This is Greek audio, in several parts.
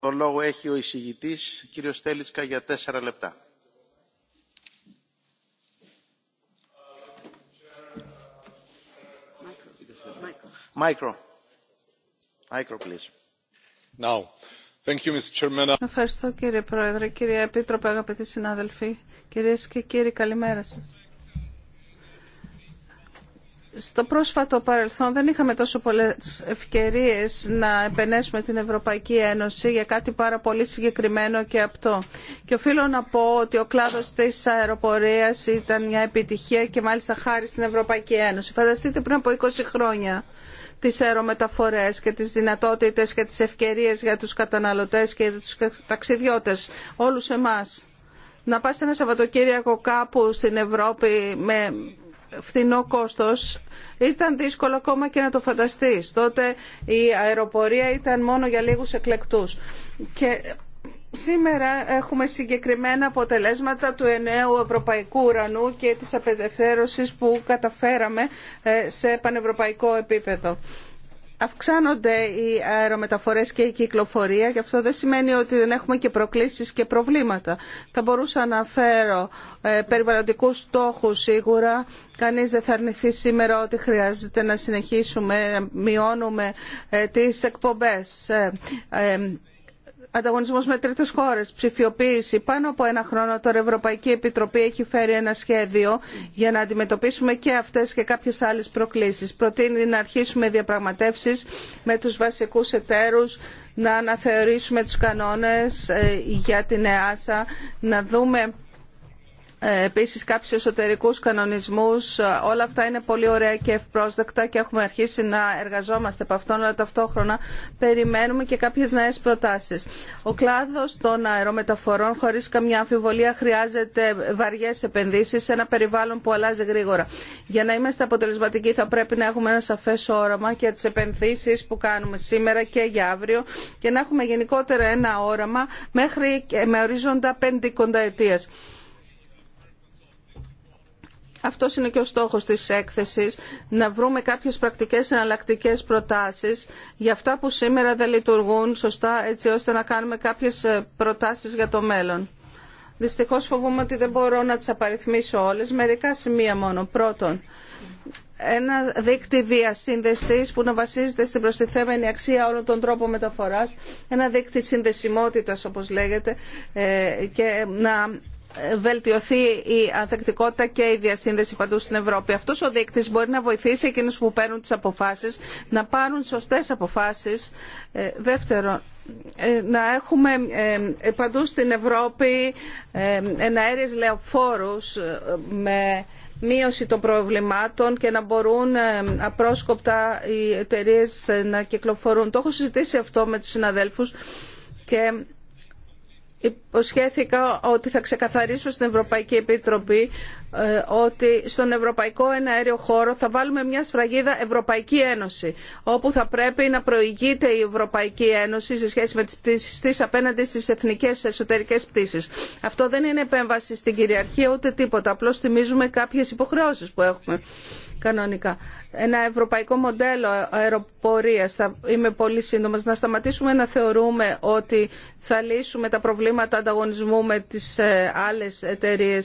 Το λόγο έχει ο εισηγητής, κύριο Στέλιτσκα, για τέσσερα λεπτά. Ευχαριστώ κύριε Πρόεδρε, κύριε Επίτροπε, αγαπητοί συνάδελφοι, κυρίες και κύριοι, καλημέρα σας στο πρόσφατο παρελθόν δεν είχαμε τόσο πολλές ευκαιρίες να επενέσουμε την Ευρωπαϊκή Ένωση για κάτι πάρα πολύ συγκεκριμένο και αυτό. Και οφείλω να πω ότι ο κλάδος της αεροπορίας ήταν μια επιτυχία και μάλιστα χάρη στην Ευρωπαϊκή Ένωση. Φανταστείτε πριν από 20 χρόνια τις αερομεταφορές και τις δυνατότητες και τις ευκαιρίες για τους καταναλωτές και τους ταξιδιώτες, όλους εμάς. Να πας ένα Σαββατοκύριακο κάπου στην Ευρώπη με φθηνό κόστος ήταν δύσκολο ακόμα και να το φανταστείς. Τότε η αεροπορία ήταν μόνο για λίγους εκλεκτούς. Και σήμερα έχουμε συγκεκριμένα αποτελέσματα του εννέου ευρωπαϊκού ουρανού και της απελευθέρωσης που καταφέραμε ε, σε πανευρωπαϊκό επίπεδο αυξάνονται οι αερομεταφορές και η κυκλοφορία και αυτό δεν σημαίνει ότι δεν έχουμε και προκλήσεις και προβλήματα. Θα μπορούσα να φέρω ε, περιβαλλοντικούς στόχους σίγουρα. Κανείς δεν θα αρνηθεί σήμερα ότι χρειάζεται να συνεχίσουμε, να μειώνουμε ε, τις εκπομπές. Ε, ε, ανταγωνισμός με τρίτες χώρες, ψηφιοποίηση. Πάνω από ένα χρόνο τώρα η Ευρωπαϊκή Επιτροπή έχει φέρει ένα σχέδιο για να αντιμετωπίσουμε και αυτές και κάποιες άλλες προκλήσεις. Προτείνει να αρχίσουμε διαπραγματεύσεις με τους βασικούς εταίρους, να αναθεωρήσουμε τους κανόνες ε, για την ΕΑΣΑ, να δούμε ε, επίσης κάποιους εσωτερικούς κανονισμούς. Ε, όλα αυτά είναι πολύ ωραία και ευπρόσδεκτα και έχουμε αρχίσει να εργαζόμαστε από αυτόν, αλλά ταυτόχρονα περιμένουμε και κάποιες νέες προτάσεις. Ο κλάδος των αερομεταφορών χωρίς καμιά αμφιβολία χρειάζεται βαριές επενδύσεις σε ένα περιβάλλον που αλλάζει γρήγορα. Για να είμαστε αποτελεσματικοί θα πρέπει να έχουμε ένα σαφές όραμα για τις επενδύσεις που κάνουμε σήμερα και για αύριο και να έχουμε γενικότερα ένα όραμα μέχρι με ορίζοντα πέντε αυτό είναι και ο στόχος της έκθεσης, να βρούμε κάποιες πρακτικές εναλλακτικέ προτάσεις για αυτά που σήμερα δεν λειτουργούν σωστά έτσι ώστε να κάνουμε κάποιες ε, προτάσεις για το μέλλον. Δυστυχώς φοβούμαι ότι δεν μπορώ να τις απαριθμίσω όλες, μερικά σημεία μόνο. Πρώτον, ένα δίκτυ διασύνδεσης που να βασίζεται στην προστιθέμενη αξία όλων των τρόπων μεταφοράς, ένα δίκτυ συνδεσιμότητα, όπως λέγεται ε, και να βελτιωθεί η ανθεκτικότητα και η διασύνδεση παντού στην Ευρώπη. Αυτός ο δείκτης μπορεί να βοηθήσει εκείνου που παίρνουν τις αποφάσεις να πάρουν σωστές αποφάσεις. Ε, δεύτερον, ε, να έχουμε ε, παντού στην Ευρώπη εναέριες λεωφόρους με μείωση των προβλημάτων και να μπορούν απρόσκοπτα οι εταιρείε να κυκλοφορούν. Το έχω συζητήσει αυτό με τους συναδέλφους και υποσχέθηκα ότι θα ξεκαθαρίσω στην Ευρωπαϊκή Επιτροπή ε, ότι στον Ευρωπαϊκό Εναέριο Χώρο θα βάλουμε μια σφραγίδα Ευρωπαϊκή Ένωση όπου θα πρέπει να προηγείται η Ευρωπαϊκή Ένωση σε σχέση με τις πτήσεις της απέναντι στις εθνικές εσωτερικές πτήσεις. Αυτό δεν είναι επέμβαση στην κυριαρχία ούτε τίποτα. Απλώς θυμίζουμε κάποιες υποχρεώσεις που έχουμε κανονικά. Ένα ευρωπαϊκό μοντέλο αεροπορίας, θα είμαι πολύ σύντομα, να σταματήσουμε να θεωρούμε ότι θα λύσουμε τα προβλήματα ανταγωνισμού με τις ε, άλλες εταιρείε,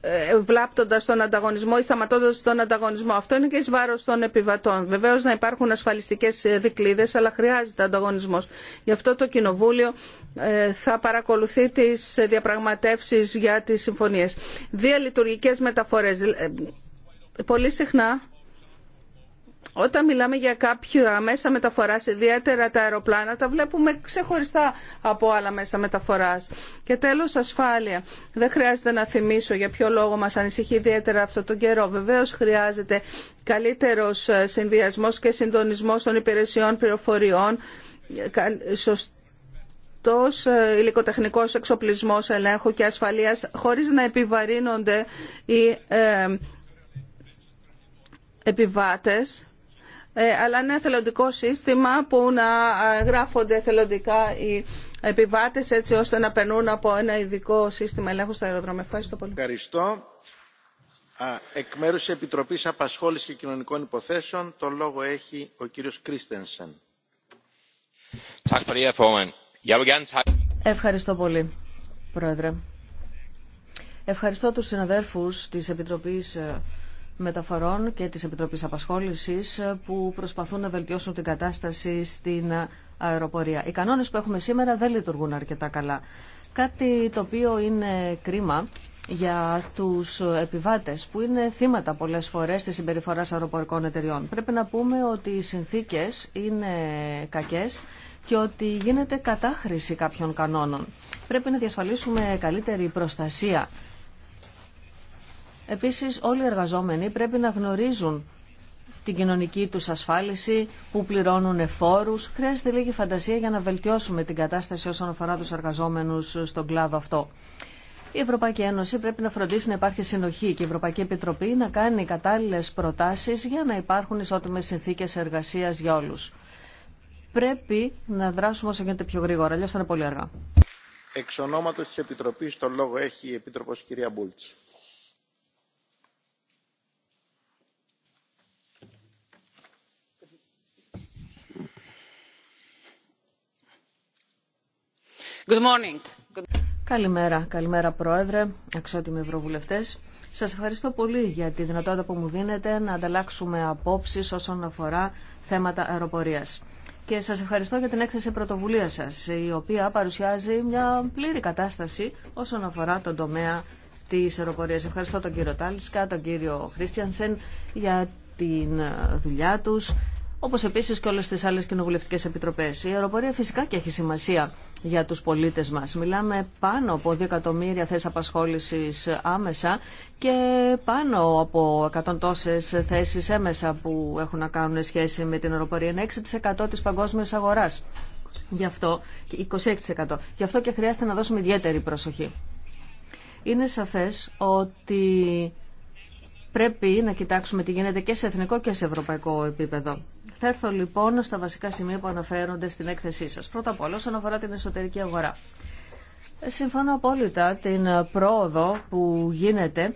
ε, βλάπτοντας τον ανταγωνισμό ή σταματώντας τον ανταγωνισμό. Αυτό είναι και εις βάρος των επιβατών. Βεβαίως να υπάρχουν ασφαλιστικές δικλείδες, αλλά χρειάζεται ανταγωνισμός. Γι' αυτό το Κοινοβούλιο ε, θα παρακολουθεί τις διαπραγματεύσεις για τις συμφωνίες. λειτουργικές μεταφορές. Ε, πολύ συχνά όταν μιλάμε για κάποια μέσα μεταφοράς, ιδιαίτερα τα αεροπλάνα, τα βλέπουμε ξεχωριστά από άλλα μέσα μεταφοράς. Και τέλος, ασφάλεια. Δεν χρειάζεται να θυμίσω για ποιο λόγο μας ανησυχεί ιδιαίτερα αυτό τον καιρό. Βεβαίως χρειάζεται καλύτερος ε, συνδυασμός και συντονισμός των υπηρεσιών πληροφοριών, αυτός ε, υλικοτεχνικός εξοπλισμός ελέγχου και ασφαλείας χωρίς να επιβαρύνονται οι ε, επιβάτες ε, αλλά ένα εθελοντικό σύστημα που να γράφονται εθελοντικά οι επιβάτες έτσι ώστε να περνούν από ένα ειδικό σύστημα ελέγχου στα αεροδρόμια. Ευχαριστώ πολύ. Ευχαριστώ. Εκ μέρους της Επιτροπής Απασχόλησης και Κοινωνικών Υποθέσεων το λόγο έχει ο κύριος Κρίστενσεν. Ευχαριστώ πολύ, Πρόεδρε. Ευχαριστώ τους συναδέρφους της Επιτροπής ε, Μεταφορών και της Επιτροπής Απασχόλησης ε, που προσπαθούν να βελτιώσουν την κατάσταση στην ε, αεροπορία. Οι κανόνες που έχουμε σήμερα δεν λειτουργούν αρκετά καλά. Κάτι το οποίο είναι κρίμα για τους επιβάτες που είναι θύματα πολλές φορές της συμπεριφοράς αεροπορικών εταιριών. Πρέπει να πούμε ότι οι συνθήκες είναι κακές και ότι γίνεται κατάχρηση κάποιων κανόνων. Πρέπει να διασφαλίσουμε καλύτερη προστασία. Επίσης όλοι οι εργαζόμενοι πρέπει να γνωρίζουν την κοινωνική τους ασφάλιση, που πληρώνουν φόρους. Χρειάζεται λίγη φαντασία για να βελτιώσουμε την κατάσταση όσον αφορά τους εργαζόμενους στον κλάδο αυτό. Η Ευρωπαϊκή Ένωση πρέπει να φροντίσει να υπάρχει συνοχή και η Ευρωπαϊκή Επιτροπή να κάνει κατάλληλε προτάσει για να υπάρχουν ισότιμε συνθήκε εργασία για όλου πρέπει να δράσουμε όσο γίνεται πιο γρήγορα, Αλλιώ θα είναι πολύ αργά. Εξ ονόματο τη Επιτροπή, το λόγο έχει η Επίτροπο κυρία Μπούλτ. Good morning. Καλημέρα, καλημέρα Πρόεδρε, αξιότιμοι Ευρωβουλευτέ. Σα ευχαριστώ πολύ για τη δυνατότητα που μου δίνετε να ανταλλάξουμε απόψει όσον αφορά θέματα αεροπορία και σας ευχαριστώ για την έκθεση πρωτοβουλία σας, η οποία παρουσιάζει μια πλήρη κατάσταση όσον αφορά τον τομέα της αεροπορίας. Ευχαριστώ τον κύριο Τάλισκα, τον κύριο Χρίστιανσεν για την δουλειά τους, όπως επίσης και όλες τις άλλες κοινοβουλευτικές επιτροπές. Η αεροπορία φυσικά και έχει σημασία για τους πολίτες μας. Μιλάμε πάνω από 2 εκατομμύρια θέσεις απασχόλησης άμεσα και πάνω από 100 τόσες θέσεις έμεσα που έχουν να κάνουν σχέση με την αεροπορία. Είναι 6% της παγκόσμιας αγοράς. Γι' αυτό, 26%. Γι' αυτό και χρειάζεται να δώσουμε ιδιαίτερη προσοχή. Είναι σαφές ότι πρέπει να κοιτάξουμε τι γίνεται και σε εθνικό και σε ευρωπαϊκό επίπεδο. Θα έρθω λοιπόν στα βασικά σημεία που αναφέρονται στην έκθεσή σας. Πρώτα απ' όλα όσον αφορά την εσωτερική αγορά. Συμφωνώ απόλυτα την πρόοδο που γίνεται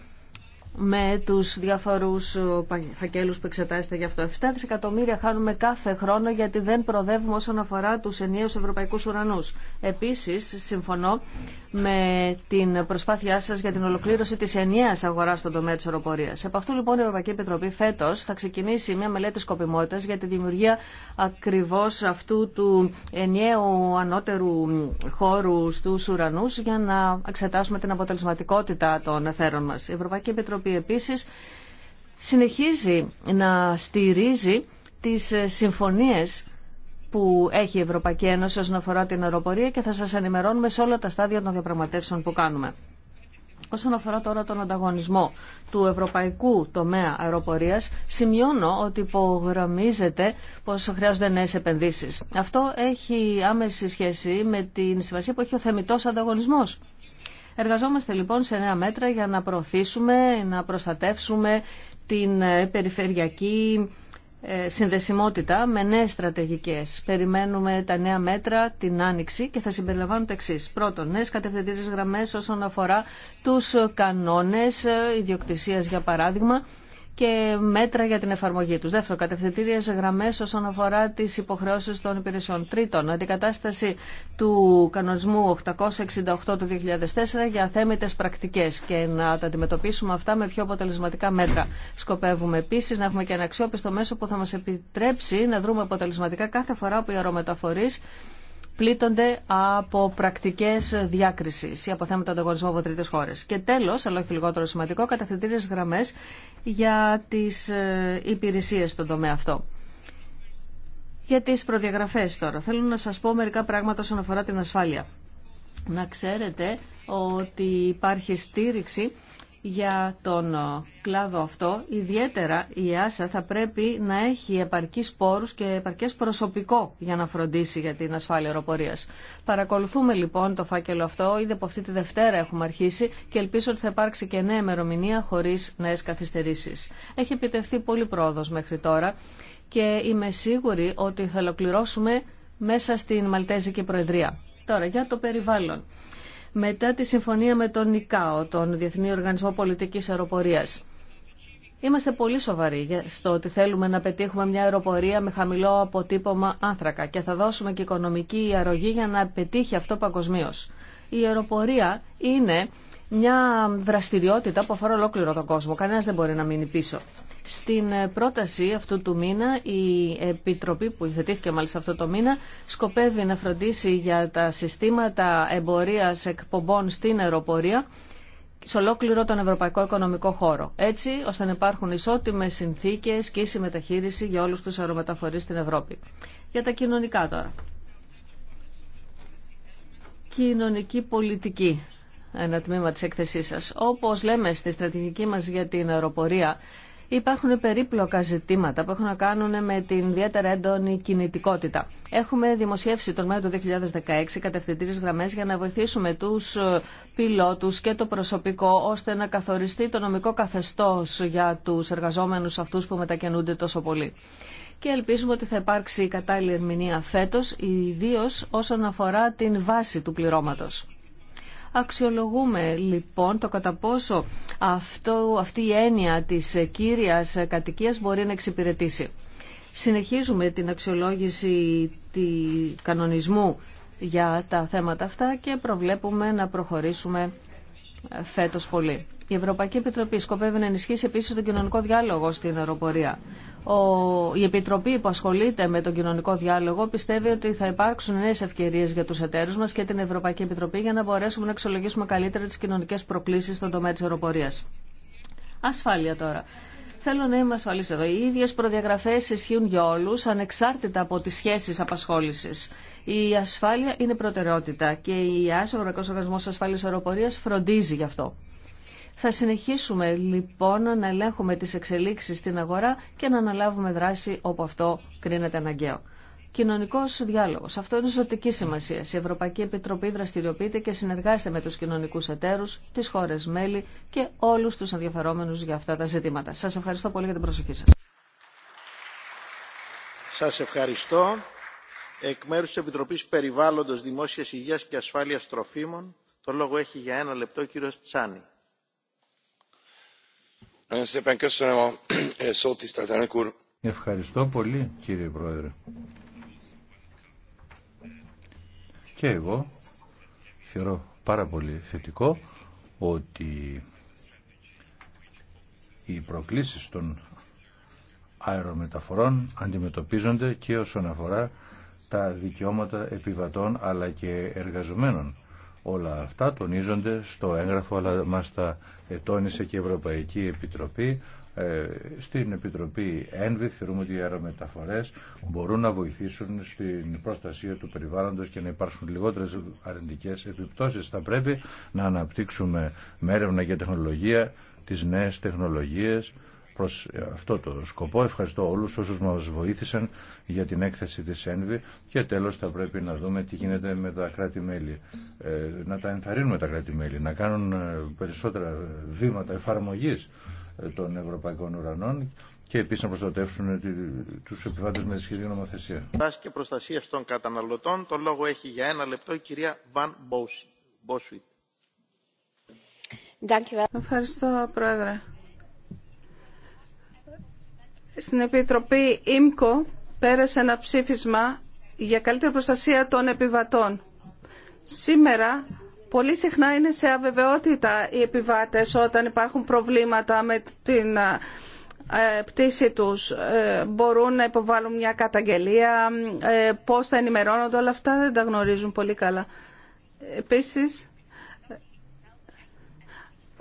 με τους διαφορούς ε, φακέλους που εξετάζεται γι' αυτό. 7 δισεκατομμύρια χάνουμε κάθε χρόνο γιατί δεν προοδεύουμε όσον αφορά τους ενιαίους ευρωπαϊκούς ουρανούς. Επίσης, συμφωνώ με την προσπάθειά σας για την ολοκλήρωση της ενιαία αγορά στον τομέα τη οροπορίας. Επ' αυτού λοιπόν η Ευρωπαϊκή Επιτροπή φέτο θα ξεκινήσει μια μελέτη σκοπιμότητας για τη δημιουργία ακριβώς αυτού του ενιαίου ανώτερου χώρου στου ουρανού για να εξετάσουμε την αποτελεσματικότητα των εθέρων μα. Η Ευρωπαϊκή Επιτροπή επίση συνεχίζει να στηρίζει τις συμφωνίες που έχει η Ευρωπαϊκή Ένωση όσον αφορά την αεροπορία και θα σας ενημερώνουμε σε όλα τα στάδια των διαπραγματεύσεων που κάνουμε. Όσον αφορά τώρα τον ανταγωνισμό του ευρωπαϊκού τομέα αεροπορία, σημειώνω ότι υπογραμμίζεται πω χρειάζονται νέε επενδύσει. Αυτό έχει άμεση σχέση με την συμβασία που έχει ο θεμητό ανταγωνισμό. Εργαζόμαστε λοιπόν σε νέα μέτρα για να προωθήσουμε, να προστατεύσουμε την περιφερειακή ε, συνδεσιμότητα με νέες στρατηγικέ. Περιμένουμε τα νέα μέτρα την άνοιξη και θα συμπεριλαμβάνουν τα εξή. Πρώτον, νέε κατευθυντήρε γραμμέ, όσον αφορά τους κανόνες ε, ιδιοκτησίας για παράδειγμα και μέτρα για την εφαρμογή τους. Δεύτερο, κατευθυντήριε γραμμές όσον αφορά τις υποχρεώσεις των υπηρεσιών. Τρίτον, αντικατάσταση του κανονισμού 868 του 2004 για θέμητες πρακτικές και να τα αντιμετωπίσουμε αυτά με πιο αποτελεσματικά μέτρα. Σκοπεύουμε επίσης να έχουμε και ένα αξιόπιστο μέσο που θα μας επιτρέψει να δρούμε αποτελεσματικά κάθε φορά που οι αερομεταφορεί πλήττονται από πρακτικέ διάκριση ή από θέματα ανταγωνισμού από τρίτε χώρε. Και τέλο, αλλά όχι λιγότερο σημαντικό, καταθετήριε γραμμέ για τι ε, υπηρεσίε στον τομέα αυτό. Για τι προδιαγραφέ τώρα. Θέλω να σα πω μερικά πράγματα όσον αφορά την ασφάλεια. Να ξέρετε ότι υπάρχει στήριξη για τον ε, κλάδο αυτό, ιδιαίτερα η ΆΣΑ θα πρέπει να έχει επαρκείς πόρους και επαρκές προσωπικό για να φροντίσει για την ασφάλεια αεροπορίας. Παρακολουθούμε λοιπόν το φάκελο αυτό, ήδη από αυτή τη Δευτέρα έχουμε αρχίσει και ελπίζω ότι θα υπάρξει και νέα ημερομηνία χωρίς νέες καθυστερήσεις. Έχει επιτευχθεί πολύ πρόοδος μέχρι τώρα και είμαι σίγουρη ότι θα ολοκληρώσουμε μέσα στην Μαλτέζικη Προεδρία. Τώρα για το περιβάλλον μετά τη συμφωνία με τον ΙΚΑΟ, τον Διεθνή Οργανισμό Πολιτικής Αεροπορίας. Είμαστε πολύ σοβαροί στο ότι θέλουμε να πετύχουμε μια αεροπορία με χαμηλό αποτύπωμα άνθρακα και θα δώσουμε και οικονομική αρρωγή για να πετύχει αυτό παγκοσμίω. Η αεροπορία είναι μια δραστηριότητα που αφορά ολόκληρο τον κόσμο. Κανένα δεν μπορεί να μείνει πίσω. Στην ε, πρόταση αυτού του μήνα η Επιτροπή που υφετήθηκε μάλιστα αυτό το μήνα σκοπεύει να φροντίσει για τα συστήματα εμπορίας εκπομπών στην αεροπορία σε ολόκληρο τον ευρωπαϊκό οικονομικό χώρο. Έτσι ώστε να υπάρχουν ισότιμες συνθήκες και ίση μεταχείριση για όλους τους αερομεταφορείς στην Ευρώπη. Για τα κοινωνικά τώρα. Κοινωνική πολιτική ένα τμήμα της έκθεσής σας. Όπως λέμε στη στρατηγική μας για την αεροπορία, Υπάρχουν περίπλοκα ζητήματα που έχουν να κάνουν με την ιδιαίτερα έντονη κινητικότητα. Έχουμε δημοσιεύσει τον Μάιο του 2016 κατευθυντήριες γραμμές για να βοηθήσουμε τους ε, πιλότους και το προσωπικό ώστε να καθοριστεί το νομικό καθεστώς για τους εργαζόμενους αυτούς που μετακινούνται τόσο πολύ και ελπίζουμε ότι θα υπάρξει η κατάλληλη ερμηνεία φέτο, ιδίω όσον αφορά την βάση του πληρώματο. Αξιολογούμε λοιπόν το κατά πόσο αυτό, αυτή η έννοια της κύριας κατοικίας μπορεί να εξυπηρετήσει. Συνεχίζουμε την αξιολόγηση του κανονισμού για τα θέματα αυτά και προβλέπουμε να προχωρήσουμε ε, φέτος πολύ. Η Ευρωπαϊκή Επιτροπή σκοπεύει να ενισχύσει επίσης τον κοινωνικό διάλογο στην αεροπορία. Ο, η Επιτροπή που ασχολείται με τον κοινωνικό διάλογο πιστεύει ότι θα υπάρξουν νέε ευκαιρίε για του εταίρου μα και την Ευρωπαϊκή Επιτροπή για να μπορέσουμε να εξολογήσουμε καλύτερα τι κοινωνικέ προκλήσει στον τομέα τη αεροπορία. Ασφάλεια τώρα. Θέλω να είμαι ασφαλή εδώ. Οι ίδιε προδιαγραφέ ισχύουν για όλου, ανεξάρτητα από τι σχέσει απασχόληση. Η ασφάλεια είναι προτεραιότητα και η ΑΣΕ, ο Ευρωπαϊκό Οργανισμό Ασφάλεια Αεροπορία, φροντίζει γι' αυτό. Θα συνεχίσουμε λοιπόν να ελέγχουμε τις εξελίξεις στην αγορά και να αναλάβουμε δράση όπου αυτό κρίνεται αναγκαίο. Κοινωνικό διάλογο. Αυτό είναι ζωτική σημασία. Η Ευρωπαϊκή Επιτροπή δραστηριοποιείται και συνεργάζεται με του κοινωνικού εταίρου, τι χώρε μέλη και όλου του ενδιαφερόμενου για αυτά τα ζητήματα. Σα ευχαριστώ πολύ για την προσοχή σα. Σα ευχαριστώ. Εκ μέρου τη Επιτροπή Περιβάλλοντο Δημόσια Υγεία και Ασφάλεια Τροφίμων, το λόγο έχει για ένα λεπτό ο κύριο Τσάνη. Eh, Ευχαριστώ πολύ κύριε Πρόεδρε. Και εγώ θεωρώ πάρα πολύ θετικό ότι οι προκλήσεις των αερομεταφορών αντιμετωπίζονται και όσον αφορά τα δικαιώματα επιβατών αλλά και εργαζομένων. Όλα αυτά τονίζονται στο έγγραφο, αλλά μας τα ε, τόνισε και η Ευρωπαϊκή Επιτροπή. Ε, στην Επιτροπή ΕΝΒΗ θεωρούμε ότι οι αερομεταφορές μπορούν να βοηθήσουν στην προστασία του περιβάλλοντος και να υπάρξουν λιγότερες αρνητικές επιπτώσεις. Θα πρέπει να αναπτύξουμε με έρευνα και τεχνολογία τις νέες τεχνολογίες προς αυτό το σκοπό. Ευχαριστώ όλους όσους μας βοήθησαν για την έκθεση της ΕΝΒΗ και τέλος θα πρέπει να δούμε τι γίνεται με τα κράτη-μέλη. Ε, να τα ενθαρρύνουμε τα κράτη-μέλη, να κάνουν ε, περισσότερα βήματα εφαρμογής ε, των ευρωπαϊκών ουρανών και επίσης να προστατεύσουν τους επιβάτες με σχετική νομοθεσία. και Το λόγο έχει για ένα λεπτό η κυρία Ευχαριστώ, Πρόεδρε στην Επιτροπή ΙΜΚΟ πέρασε ένα ψήφισμα για καλύτερη προστασία των επιβατών. Σήμερα πολύ συχνά είναι σε αβεβαιότητα οι επιβάτες όταν υπάρχουν προβλήματα με την ε, πτήση τους. Ε, μπορούν να υποβάλουν μια καταγγελία, ε, πώς θα ενημερώνονται, όλα αυτά δεν τα γνωρίζουν πολύ καλά. Επίσης,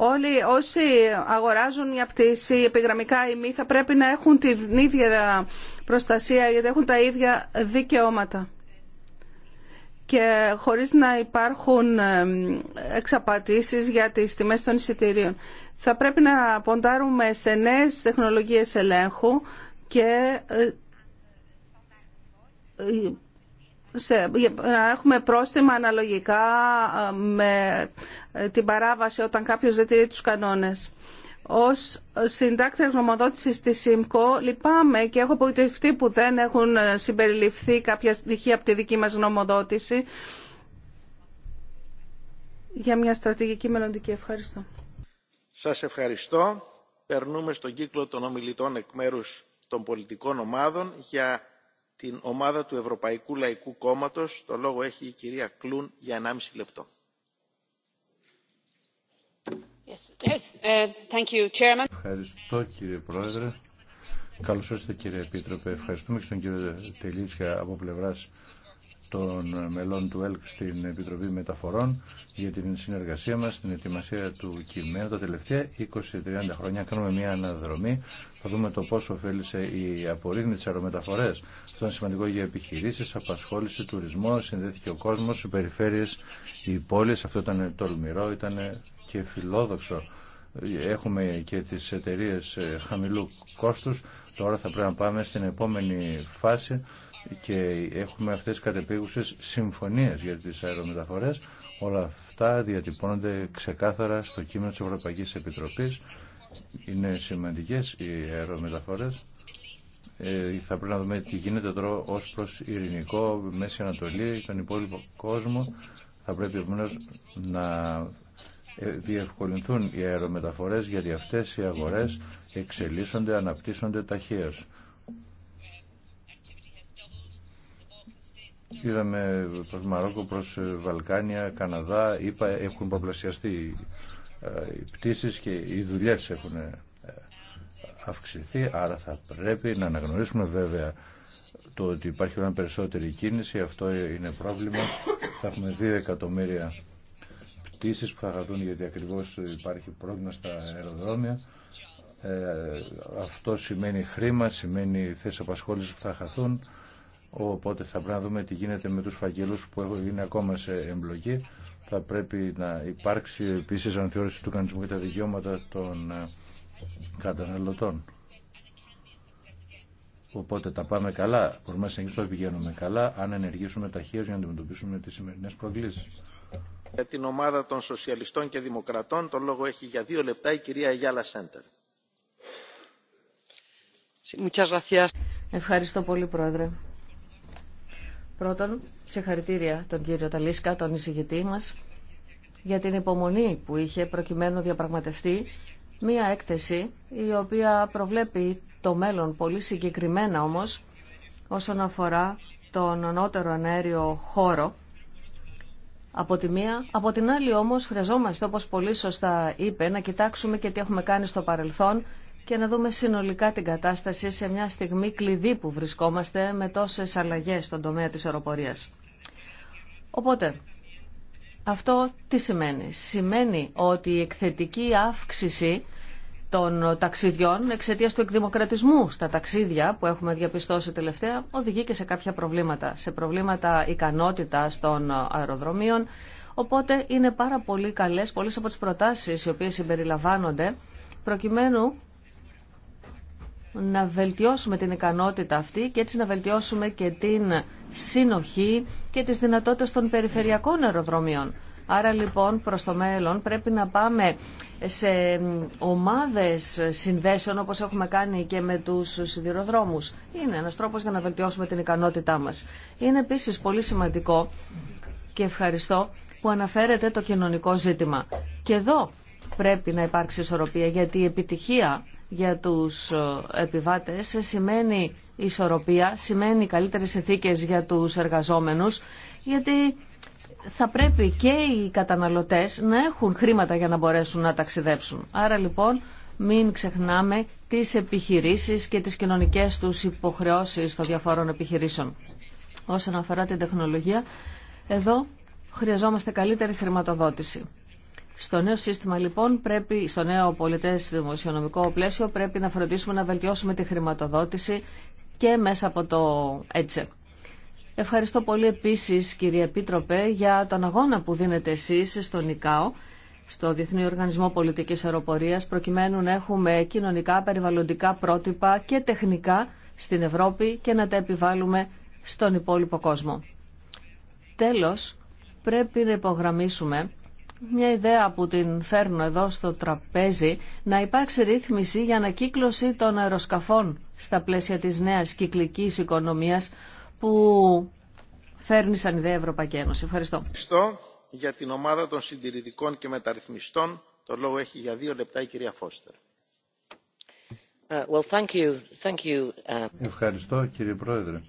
Όλοι όσοι αγοράζουν μια πτήση επιγραμμικά ή μη θα πρέπει να έχουν την ίδια προστασία γιατί έχουν τα ίδια δικαιώματα και χωρίς να υπάρχουν εξαπατήσεις για τις τιμές των εισιτηρίων. Θα πρέπει να ποντάρουμε σε νέες τεχνολογίες ελέγχου και ε, να έχουμε πρόστιμα αναλογικά ε, με ε, την παράβαση όταν κάποιος δεν τηρεί τους κανόνες. Ως συντάκτρια γνωμοδότηση της ΣΥΜΚΟ λυπάμαι και έχω απογοητευτεί που δεν έχουν ε, συμπεριληφθεί κάποια στοιχεία από τη δική μας γνωμοδότηση για μια στρατηγική μελλοντική. Ευχαριστώ. Σας ευχαριστώ. Περνούμε στον κύκλο των ομιλητών εκ μέρους των πολιτικών ομάδων για την ομάδα του Ευρωπαϊκού Λαϊκού Κόμματος. Το λόγο έχει η κυρία Κλούν για 1,5 λεπτό. Uh, Ευχαριστώ κύριε Πρόεδρε. Καλώ ήρθατε κύριε Επίτροπε. Ευχαριστούμε και τον κύριο Τελίτσια από πλευρά των μελών του ΕΛΚ στην Επιτροπή Μεταφορών για την συνεργασία μας στην ετοιμασία του κειμένου. Τα τελευταία 20-30 χρόνια κάνουμε μια αναδρομή θα δούμε το πόσο ωφέλησε η απορρίθμιση τη αερομεταφορέ. Αυτό είναι σημαντικό για επιχειρήσει, απασχόληση, τουρισμό, συνδέθηκε ο κόσμο, οι περιφέρειε, οι πόλει. Αυτό ήταν τολμηρό, ήταν και φιλόδοξο. Έχουμε και τι εταιρείε ε, χαμηλού κόστου. Τώρα θα πρέπει να πάμε στην επόμενη φάση και έχουμε αυτές τις κατεπίγουσες συμφωνίες για τις αερομεταφορές. Όλα αυτά διατυπώνονται ξεκάθαρα στο κείμενο της Ευρωπαϊκής Επιτροπής είναι σημαντικές οι αερομεταφορές. Ε, θα πρέπει να δούμε τι γίνεται τώρα ως προς ειρηνικό, Μέση Ανατολή, τον υπόλοιπο κόσμο. Θα πρέπει επομένως να ε, διευκολυνθούν οι αερομεταφορές γιατί αυτές οι αγορές εξελίσσονται, αναπτύσσονται ταχύως. Είδαμε προς Μαρόκο, προς ε, Βαλκάνια, Καναδά, είπα, έχουν παπλασιαστεί ε, οι πτήσεις και οι δουλειές έχουν ε, αυξηθεί, άρα θα πρέπει να αναγνωρίσουμε βέβαια το ότι υπάρχει μια περισσότερη κίνηση, αυτό είναι πρόβλημα. Θα έχουμε δύο εκατομμύρια πτήσεις που θα χαθούν γιατί ακριβώς υπάρχει πρόβλημα στα αεροδρόμια. αυτό σημαίνει χρήμα, σημαίνει θέσεις απασχόλησης που θα χαθούν. Οπότε θα πρέπει να δούμε τι γίνεται με τους φαγγέλους που είναι ακόμα σε εμπλοκή. Θα πρέπει να υπάρξει επίσης ανθιώρηση του κανονισμού και τα δικαιώματα των ε, καταναλωτών. Οπότε τα πάμε καλά, μπορούμε να συνεχίσουμε να πηγαίνουμε καλά, αν ενεργήσουμε ταχύως για να αντιμετωπίσουμε τις σημερινές προκλήσεις. Για την ομάδα των Σοσιαλιστών και Δημοκρατών, το λόγο έχει για δύο λεπτά η κυρία Σέντερ. Ευχαριστώ πολύ, Πρόεδρε. Πρώτον, συγχαρητήρια τον κύριο Ταλίσκα, τον εισηγητή μας, για την υπομονή που είχε προκειμένου διαπραγματευτεί μία έκθεση η οποία προβλέπει το μέλλον πολύ συγκεκριμένα όμως όσον αφορά τον ανώτερο ανέριο χώρο από τη Από την άλλη όμως χρειαζόμαστε, όπως πολύ σωστά είπε, να κοιτάξουμε και τι έχουμε κάνει στο παρελθόν και να δούμε συνολικά την κατάσταση σε μια στιγμή κλειδί που βρισκόμαστε με τόσες αλλαγές στον τομέα της αεροπορίας. Οπότε, αυτό τι σημαίνει. Σημαίνει ότι η εκθετική αύξηση των ταξιδιών εξαιτίας του εκδημοκρατισμού στα ταξίδια που έχουμε διαπιστώσει τελευταία οδηγεί και σε κάποια προβλήματα. Σε προβλήματα ικανότητας των αεροδρομίων. Οπότε είναι πάρα πολύ καλέ πολλέ από τις προτάσεις οι οποίες συμπεριλαμβάνονται προκειμένου να βελτιώσουμε την ικανότητα αυτή και έτσι να βελτιώσουμε και την συνοχή και τις δυνατότητες των περιφερειακών αεροδρομίων. Άρα λοιπόν προς το μέλλον πρέπει να πάμε σε ομάδες συνδέσεων όπως έχουμε κάνει και με τους σιδηροδρόμους. Είναι ένας τρόπος για να βελτιώσουμε την ικανότητά μας. Είναι επίσης πολύ σημαντικό και ευχαριστώ που αναφέρεται το κοινωνικό ζήτημα. Και εδώ πρέπει να υπάρξει ισορροπία γιατί η επιτυχία για τους ε, επιβάτες σημαίνει ισορροπία, σημαίνει καλύτερες ηθίκες για τους εργαζόμενους, γιατί θα πρέπει και οι καταναλωτές να έχουν χρήματα για να μπορέσουν να ταξιδέψουν. Άρα λοιπόν μην ξεχνάμε τις επιχειρήσεις και τις κοινωνικές τους υποχρεώσεις των διαφόρων επιχειρήσεων. Όσον αφορά την τεχνολογία, εδώ χρειαζόμαστε καλύτερη χρηματοδότηση. Στο νέο σύστημα λοιπόν πρέπει, στο νέο πολιτές δημοσιονομικό πλαίσιο πρέπει να φροντίσουμε να βελτιώσουμε τη χρηματοδότηση και μέσα από το ΕΤΣΕ. Ευχαριστώ πολύ επίσης κύριε Επίτροπε για τον αγώνα που δίνετε εσείς στον ΙΚΑΟ στο Διεθνή Οργανισμό Πολιτικής Αεροπορίας προκειμένου να έχουμε κοινωνικά, περιβαλλοντικά πρότυπα και τεχνικά στην Ευρώπη και να τα επιβάλλουμε στον υπόλοιπο κόσμο. Τέλος, πρέπει να υπογραμμίσουμε μια ιδέα που την φέρνω εδώ στο τραπέζι, να υπάρξει ρύθμιση για ανακύκλωση των αεροσκαφών στα πλαίσια της νέας κυκλικής οικονομίας που φέρνει σαν ιδέα Ευρωπαϊκή Ένωση. Ευχαριστώ. Ευχαριστώ για την ομάδα των συντηρητικών και μεταρρυθμιστών. Το λόγο έχει για δύο λεπτά η κυρία Φώστερ. Ε, well, thank you. Thank you. Ε, Ευχαριστώ κύριε Πρόεδρε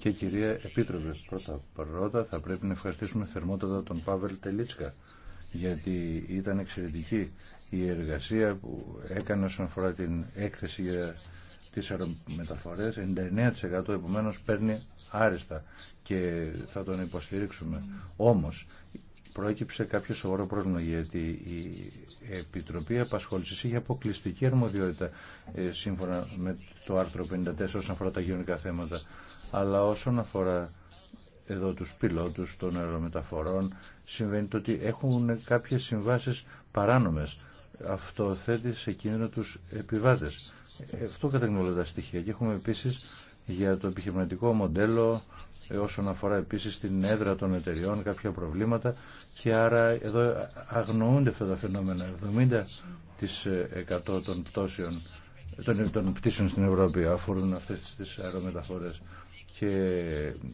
και κυρία Επίτροπε. Πρώτα πρώτα θα πρέπει να ευχαριστήσουμε θερμότατα τον Παύλ Τελίτσκα γιατί ήταν εξαιρετική η εργασία που έκανε όσον αφορά την έκθεση για τις αερομεταφορές 99% επομένως παίρνει άριστα και θα τον υποστηρίξουμε. Όμως προέκυψε κάποιο σοβαρό πρόβλημα γιατί η Επιτροπή Απασχόληση είχε αποκλειστική αρμοδιότητα ε, σύμφωνα με το άρθρο 54 όσον αφορά τα γεωνικά θέματα. Αλλά όσον αφορά εδώ τους πιλότους των αερομεταφορών συμβαίνει το ότι έχουν κάποιες συμβάσεις παράνομες. Αυτό θέτει σε κίνδυνο τους επιβάτες. Ε, αυτό καταγνωρίζουν τα στοιχεία. Και έχουμε επίση για το επιχειρηματικό μοντέλο όσον αφορά επίσης την έδρα των εταιριών, κάποια προβλήματα και άρα εδώ αγνοούνται αυτά τα φαινόμενα. 70% των πτώσεων των, πτήσεων στην Ευρώπη αφορούν αυτές τις αερομεταφορές και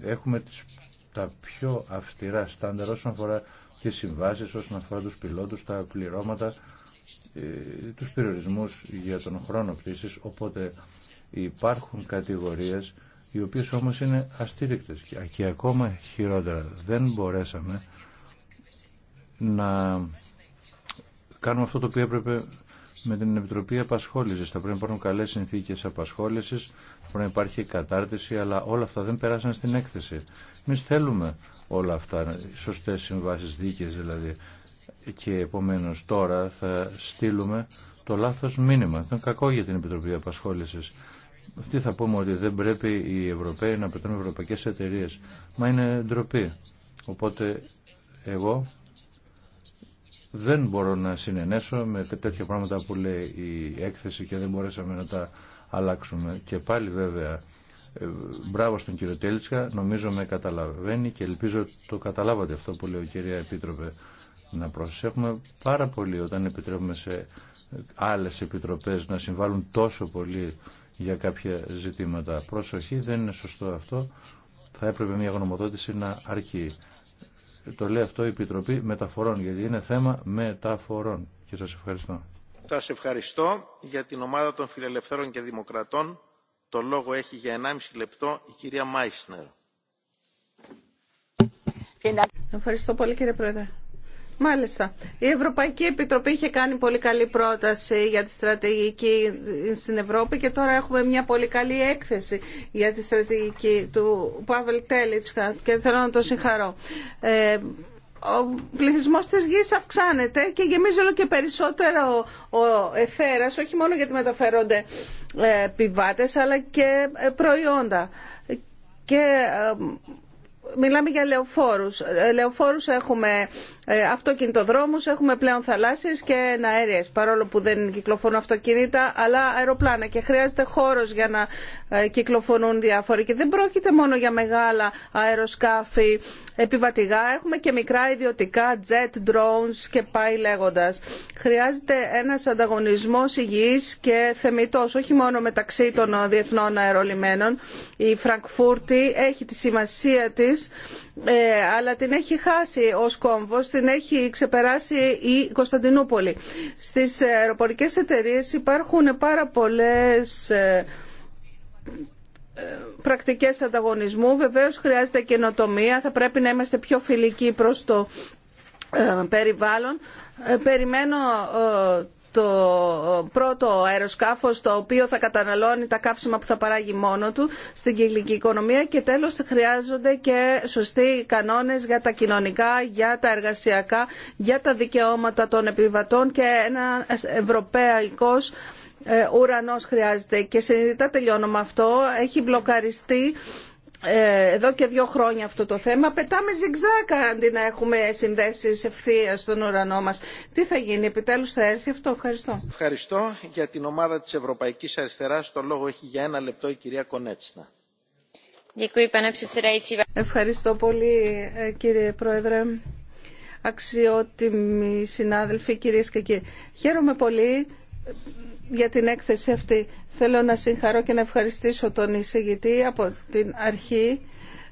έχουμε τις, τα πιο αυστηρά στάνταρ όσον αφορά τις συμβάσεις, όσον αφορά τους πιλότους, τα πληρώματα, ε, τους περιορισμούς για τον χρόνο πτήσης, οπότε υπάρχουν κατηγορίες οι οποίες όμως είναι αστήρικτες και ακόμα χειρότερα δεν μπορέσαμε να κάνουμε αυτό το οποίο έπρεπε με την Επιτροπή Απασχόληση. Θα πρέπει να υπάρχουν καλέ συνθήκε απασχόληση, θα πρέπει να υπάρχει κατάρτιση, αλλά όλα αυτά δεν περάσαν στην έκθεση. Εμεί θέλουμε όλα αυτά, σωστέ συμβάσει, δίκαιε δηλαδή. Και επομένω τώρα θα στείλουμε το λάθο μήνυμα. Θα κακό για την Επιτροπή Απασχόληση. Αυτή θα πούμε ότι δεν πρέπει οι Ευρωπαίοι να πετούν ευρωπαϊκές εταιρείες. Μα είναι ντροπή. Οπότε εγώ δεν μπορώ να συνενέσω με τέτοια πράγματα που λέει η έκθεση και δεν μπορέσαμε να τα αλλάξουμε. Και πάλι βέβαια, ε, μπράβο στον κύριο Τέλτσκα, νομίζω με καταλαβαίνει και ελπίζω το καταλάβατε αυτό που λέει ο κυρία Επίτροπε. Να προσέχουμε πάρα πολύ όταν επιτρέπουμε σε άλλες επιτροπές να συμβάλλουν τόσο πολύ για κάποια ζητήματα. Προσοχή, δεν είναι σωστό αυτό. Θα έπρεπε μια γνωμοδότηση να αρκεί. Το λέει αυτό η Επιτροπή Μεταφορών, γιατί είναι θέμα μεταφορών. Και σας ευχαριστώ. Σας ευχαριστώ για την ομάδα των Φιλελευθέρων και Δημοκρατών. Το λόγο έχει για 1,5 λεπτό η κυρία Μάισνερ. Ευχαριστώ πολύ κύριε Πρόεδρε. Μάλιστα. Η Ευρωπαϊκή Επιτροπή είχε κάνει πολύ καλή πρόταση για τη στρατηγική στην Ευρώπη και τώρα έχουμε μια πολύ καλή έκθεση για τη στρατηγική του Παύλ Τέλιτσκα και θέλω να τον συγχαρώ. Ε, ο πληθυσμό τη γη αυξάνεται και γεμίζει όλο και περισσότερο ο εθέρα, όχι μόνο γιατί μεταφέρονται ε, αλλά και ε, προϊόντα. Ε, Μιλάμε για λεωφόρους. Ε, λεωφόρους έχουμε ε, αυτοκινητοδρόμους, έχουμε πλέον θαλάσσιες και αέριες, παρόλο που δεν κυκλοφορούν αυτοκινήτα, αλλά αεροπλάνα και χρειάζεται χώρος για να ε, κυκλοφορούν διάφοροι. Και δεν πρόκειται μόνο για μεγάλα αεροσκάφη επιβατηγά, έχουμε και μικρά ιδιωτικά jet drones και πάει λέγοντας. Χρειάζεται ένας ανταγωνισμός υγιής και θεμητός, όχι μόνο μεταξύ των ε, διεθνών αερολιμένων. Η Φραγκφούρτη έχει τη σημασία της, ε, αλλά την έχει χάσει ως κόμβος, την έχει ξεπεράσει η Κωνσταντινούπολη. Στις αεροπορικές εταιρείες υπάρχουν πάρα πολλές ε, ε, πρακτικές ανταγωνισμού. Βεβαίως χρειάζεται καινοτομία, θα πρέπει να είμαστε πιο φιλικοί προς το ε, περιβάλλον. Ε, περιμένω το πρώτο αεροσκάφος το οποίο θα καταναλώνει τα καύσιμα που θα παράγει μόνο του στην κυκλική οικονομία και τέλος χρειάζονται και σωστοί κανόνες για τα κοινωνικά, για τα εργασιακά, για τα δικαιώματα των επιβατών και ένα ευρωπαϊκός ε, ουρανός χρειάζεται και συνειδητά τελειώνω με αυτό. Έχει μπλοκαριστεί ε, εδώ και δύο χρόνια αυτό το θέμα. Πετάμε ζυγζάκα αντί να έχουμε συνδέσεις ευθεία στον ουρανό μας. Τι θα γίνει, επιτέλους θα έρθει αυτό. Ευχαριστώ. Ευχαριστώ για την ομάδα της Ευρωπαϊκής Αριστεράς. Το λόγο έχει για ένα λεπτό η κυρία Κονέτσνα. Ευχαριστώ πολύ ε, κύριε Πρόεδρε αξιότιμοι συνάδελφοι, κυρίες και κύριοι. Χαίρομαι πολύ για την έκθεση αυτή. Θέλω να συγχαρώ και να ευχαριστήσω τον εισηγητή από την αρχή.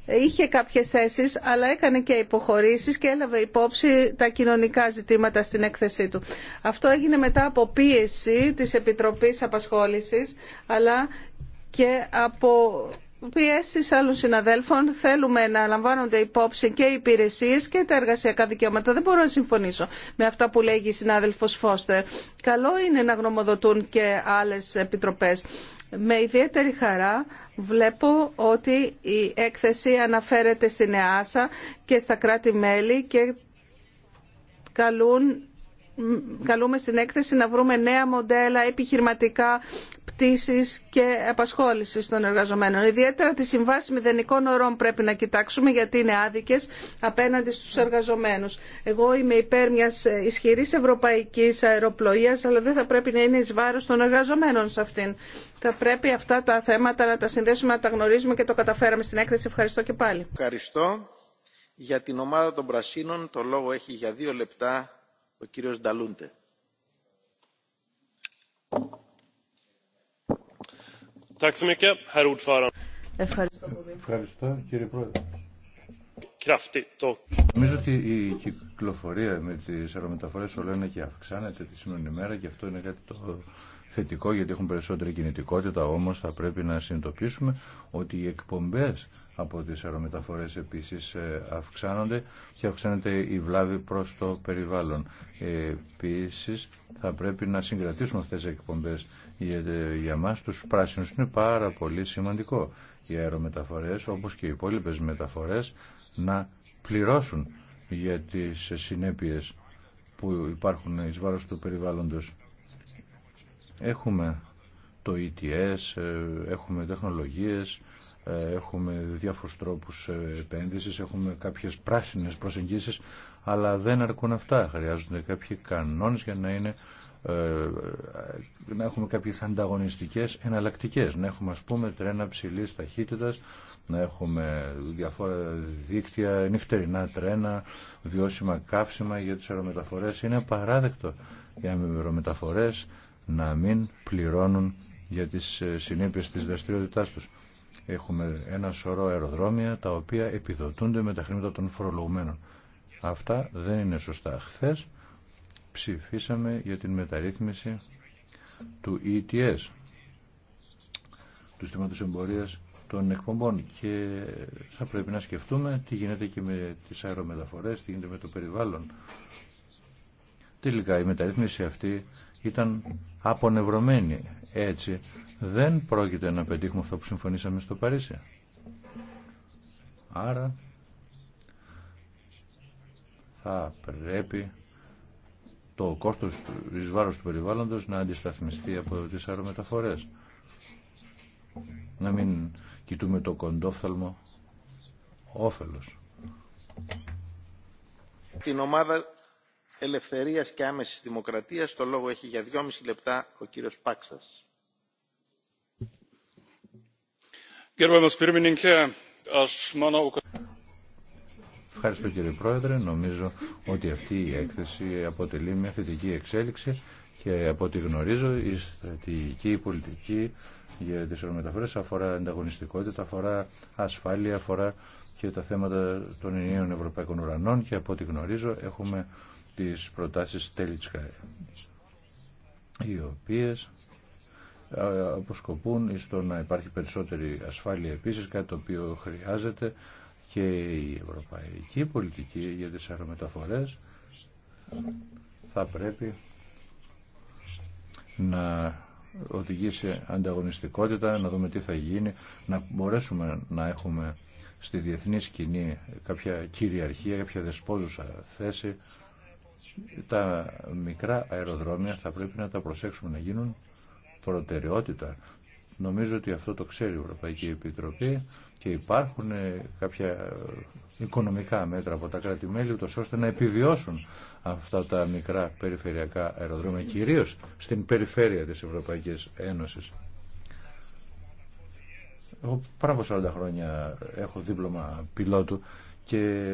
Είχε κάποιες θέσεις, αλλά έκανε και υποχωρήσεις και έλαβε υπόψη τα κοινωνικά ζητήματα στην έκθεσή του. Αυτό έγινε μετά από πίεση της Επιτροπής Απασχόλησης, αλλά και από πιέσεις άλλων συναδέλφων θέλουμε να λαμβάνονται υπόψη και οι υπηρεσίε και τα εργασιακά δικαιώματα. Δεν μπορώ να συμφωνήσω με αυτά που λέγει η συνάδελφο Φώστερ. Καλό είναι να γνωμοδοτούν και άλλε επιτροπές. Με ιδιαίτερη χαρά βλέπω ότι η έκθεση αναφέρεται στην ΕΑΣΑ και στα κράτη-μέλη και καλούν καλούμε στην έκθεση να βρούμε νέα μοντέλα επιχειρηματικά πτήσης και απασχόλησης των εργαζομένων. Ιδιαίτερα τη συμβάσει μηδενικών ωρών πρέπει να κοιτάξουμε γιατί είναι άδικες απέναντι στους εργαζομένους. Εγώ είμαι υπέρ μιας ισχυρής ευρωπαϊκής αεροπλοείας αλλά δεν θα πρέπει να είναι εις βάρος των εργαζομένων σε αυτήν. Θα πρέπει αυτά τα θέματα να τα συνδέσουμε, να τα γνωρίζουμε και το καταφέραμε στην έκθεση. Ευχαριστώ και πάλι. Ευχαριστώ. Για την ομάδα των Πρασίνων το λόγο έχει για δύο λεπτά ο κύριος Νταλούντε. Ευχαριστώ πολύ. Ευχαριστώ κύριε Πρόεδρε. Νομίζω ότι η κυκλοφορία με τις αερομεταφορές όλο ένα και αυξάνεται τη σημερινή μέρα και αυτό είναι κάτι το θετικό γιατί έχουν περισσότερη κινητικότητα, όμως θα πρέπει να συνειδητοποιήσουμε ότι οι εκπομπές από τις αερομεταφορές επίσης ε, αυξάνονται και αυξάνεται η βλάβη προς το περιβάλλον. Επίσης θα πρέπει να συγκρατήσουμε αυτές τις εκπομπές για μας τους πράσινους είναι πάρα πολύ σημαντικό οι αερομεταφορές όπως και οι υπόλοιπε μεταφορές να πληρώσουν για τις συνέπειες που υπάρχουν εις βάρος του περιβάλλοντος. Έχουμε το ETS, ε, έχουμε τεχνολογίες, ε, έχουμε διάφορους τρόπους ε, επένδυσης, έχουμε κάποιες πράσινες προσεγγίσεις, αλλά δεν αρκούν αυτά. Χρειάζονται κάποιοι κανόνες για να είναι έχουμε κάποιες ανταγωνιστικές εναλλακτικές. να έχουμε ας πούμε τρένα ψηλής ταχύτητας, να έχουμε διαφορά δίκτυα, νυχτερινά τρένα, βιώσιμα καύσιμα για τις αερομεταφορές. Είναι παράδεκτο για αερομεταφορές να μην πληρώνουν για τις ε, συνέπειες της δραστηριότητάς τους. Έχουμε ένα σωρό αεροδρόμια τα οποία επιδοτούνται με τα χρήματα των φορολογουμένων. Αυτά δεν είναι σωστά. Χθε ψηφίσαμε για την μεταρρύθμιση του ETS, του Συστήματος Εμπορίας των Εκπομπών και θα πρέπει να σκεφτούμε τι γίνεται και με τις αερομεταφορές, τι γίνεται με το περιβάλλον. Τελικά η μεταρρύθμιση αυτή ήταν απονευρωμένη. Έτσι δεν πρόκειται να πετύχουμε αυτό που συμφωνήσαμε στο Παρίσι. Άρα θα πρέπει το κόστος της βάρος του περιβάλλοντος να αντισταθμιστεί από τις αερομεταφορές. Να μην κοιτούμε το κοντόφθαλμο όφελος. Την ομάδα Ελευθερίας και Άμεσης Δημοκρατίας. Το λόγο έχει για δυόμιση λεπτά ο κύριος Πάξας. Ευχαριστώ κύριε Πρόεδρε. Νομίζω ότι αυτή η έκθεση αποτελεί μια θετική εξέλιξη και από ό,τι γνωρίζω η στρατηγική, η πολιτική για τις αερομεταφορές αφορά ανταγωνιστικότητα, αφορά ασφάλεια, αφορά και τα θέματα των ενιαίων ευρωπαϊκών ουρανών και από ό,τι γνωρίζω έχουμε τις προτάσεις Τέλιτσκα οι οποίες ε, αποσκοπούν στο να υπάρχει περισσότερη ασφάλεια επίσης κάτι το οποίο χρειάζεται και η ευρωπαϊκή πολιτική για τις αερομεταφορές θα πρέπει να οδηγήσει ανταγωνιστικότητα, να δούμε τι θα γίνει, να μπορέσουμε να έχουμε στη διεθνή σκηνή κάποια κυριαρχία, κάποια δεσπόζουσα θέση. Τα μικρά αεροδρόμια θα πρέπει να τα προσέξουμε να γίνουν προτεραιότητα. Νομίζω ότι αυτό το ξέρει η Ευρωπαϊκή Επιτροπή και υπάρχουν κάποια οικονομικά μέτρα από τα κράτη-μέλη ώστε να επιβιώσουν αυτά τα μικρά περιφερειακά αεροδρόμια κυρίως στην περιφέρεια της Ευρωπαϊκής Ένωσης. Εγώ πάνω από 40 χρόνια έχω δίπλωμα πιλότου και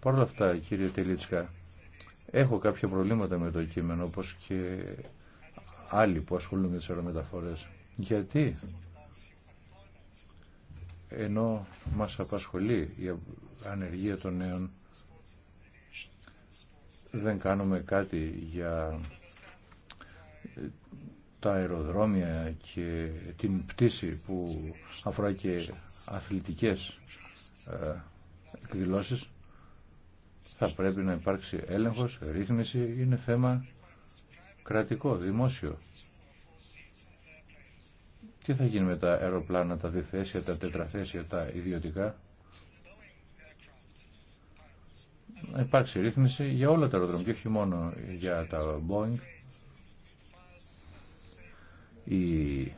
παρόλα αυτά κύριε Τελίτσκα έχω κάποια προβλήματα με το κείμενο όπως και άλλοι που ασχολούνται με τις αερομεταφορές. Γιατί ενώ μας απασχολεί η ανεργία των νέων δεν κάνουμε κάτι για τα αεροδρόμια και την πτήση που αφορά και αθλητικές ε, εκδηλώσεις θα πρέπει να υπάρξει έλεγχος, ρύθμιση, είναι θέμα κρατικό, δημόσιο. Τι θα γίνει με τα αεροπλάνα, τα διθέσια, τα τετραθέσια, τα ιδιωτικά. Να υπάρξει ρύθμιση για όλα τα αεροδρόμια και όχι μόνο για τα Boeing οι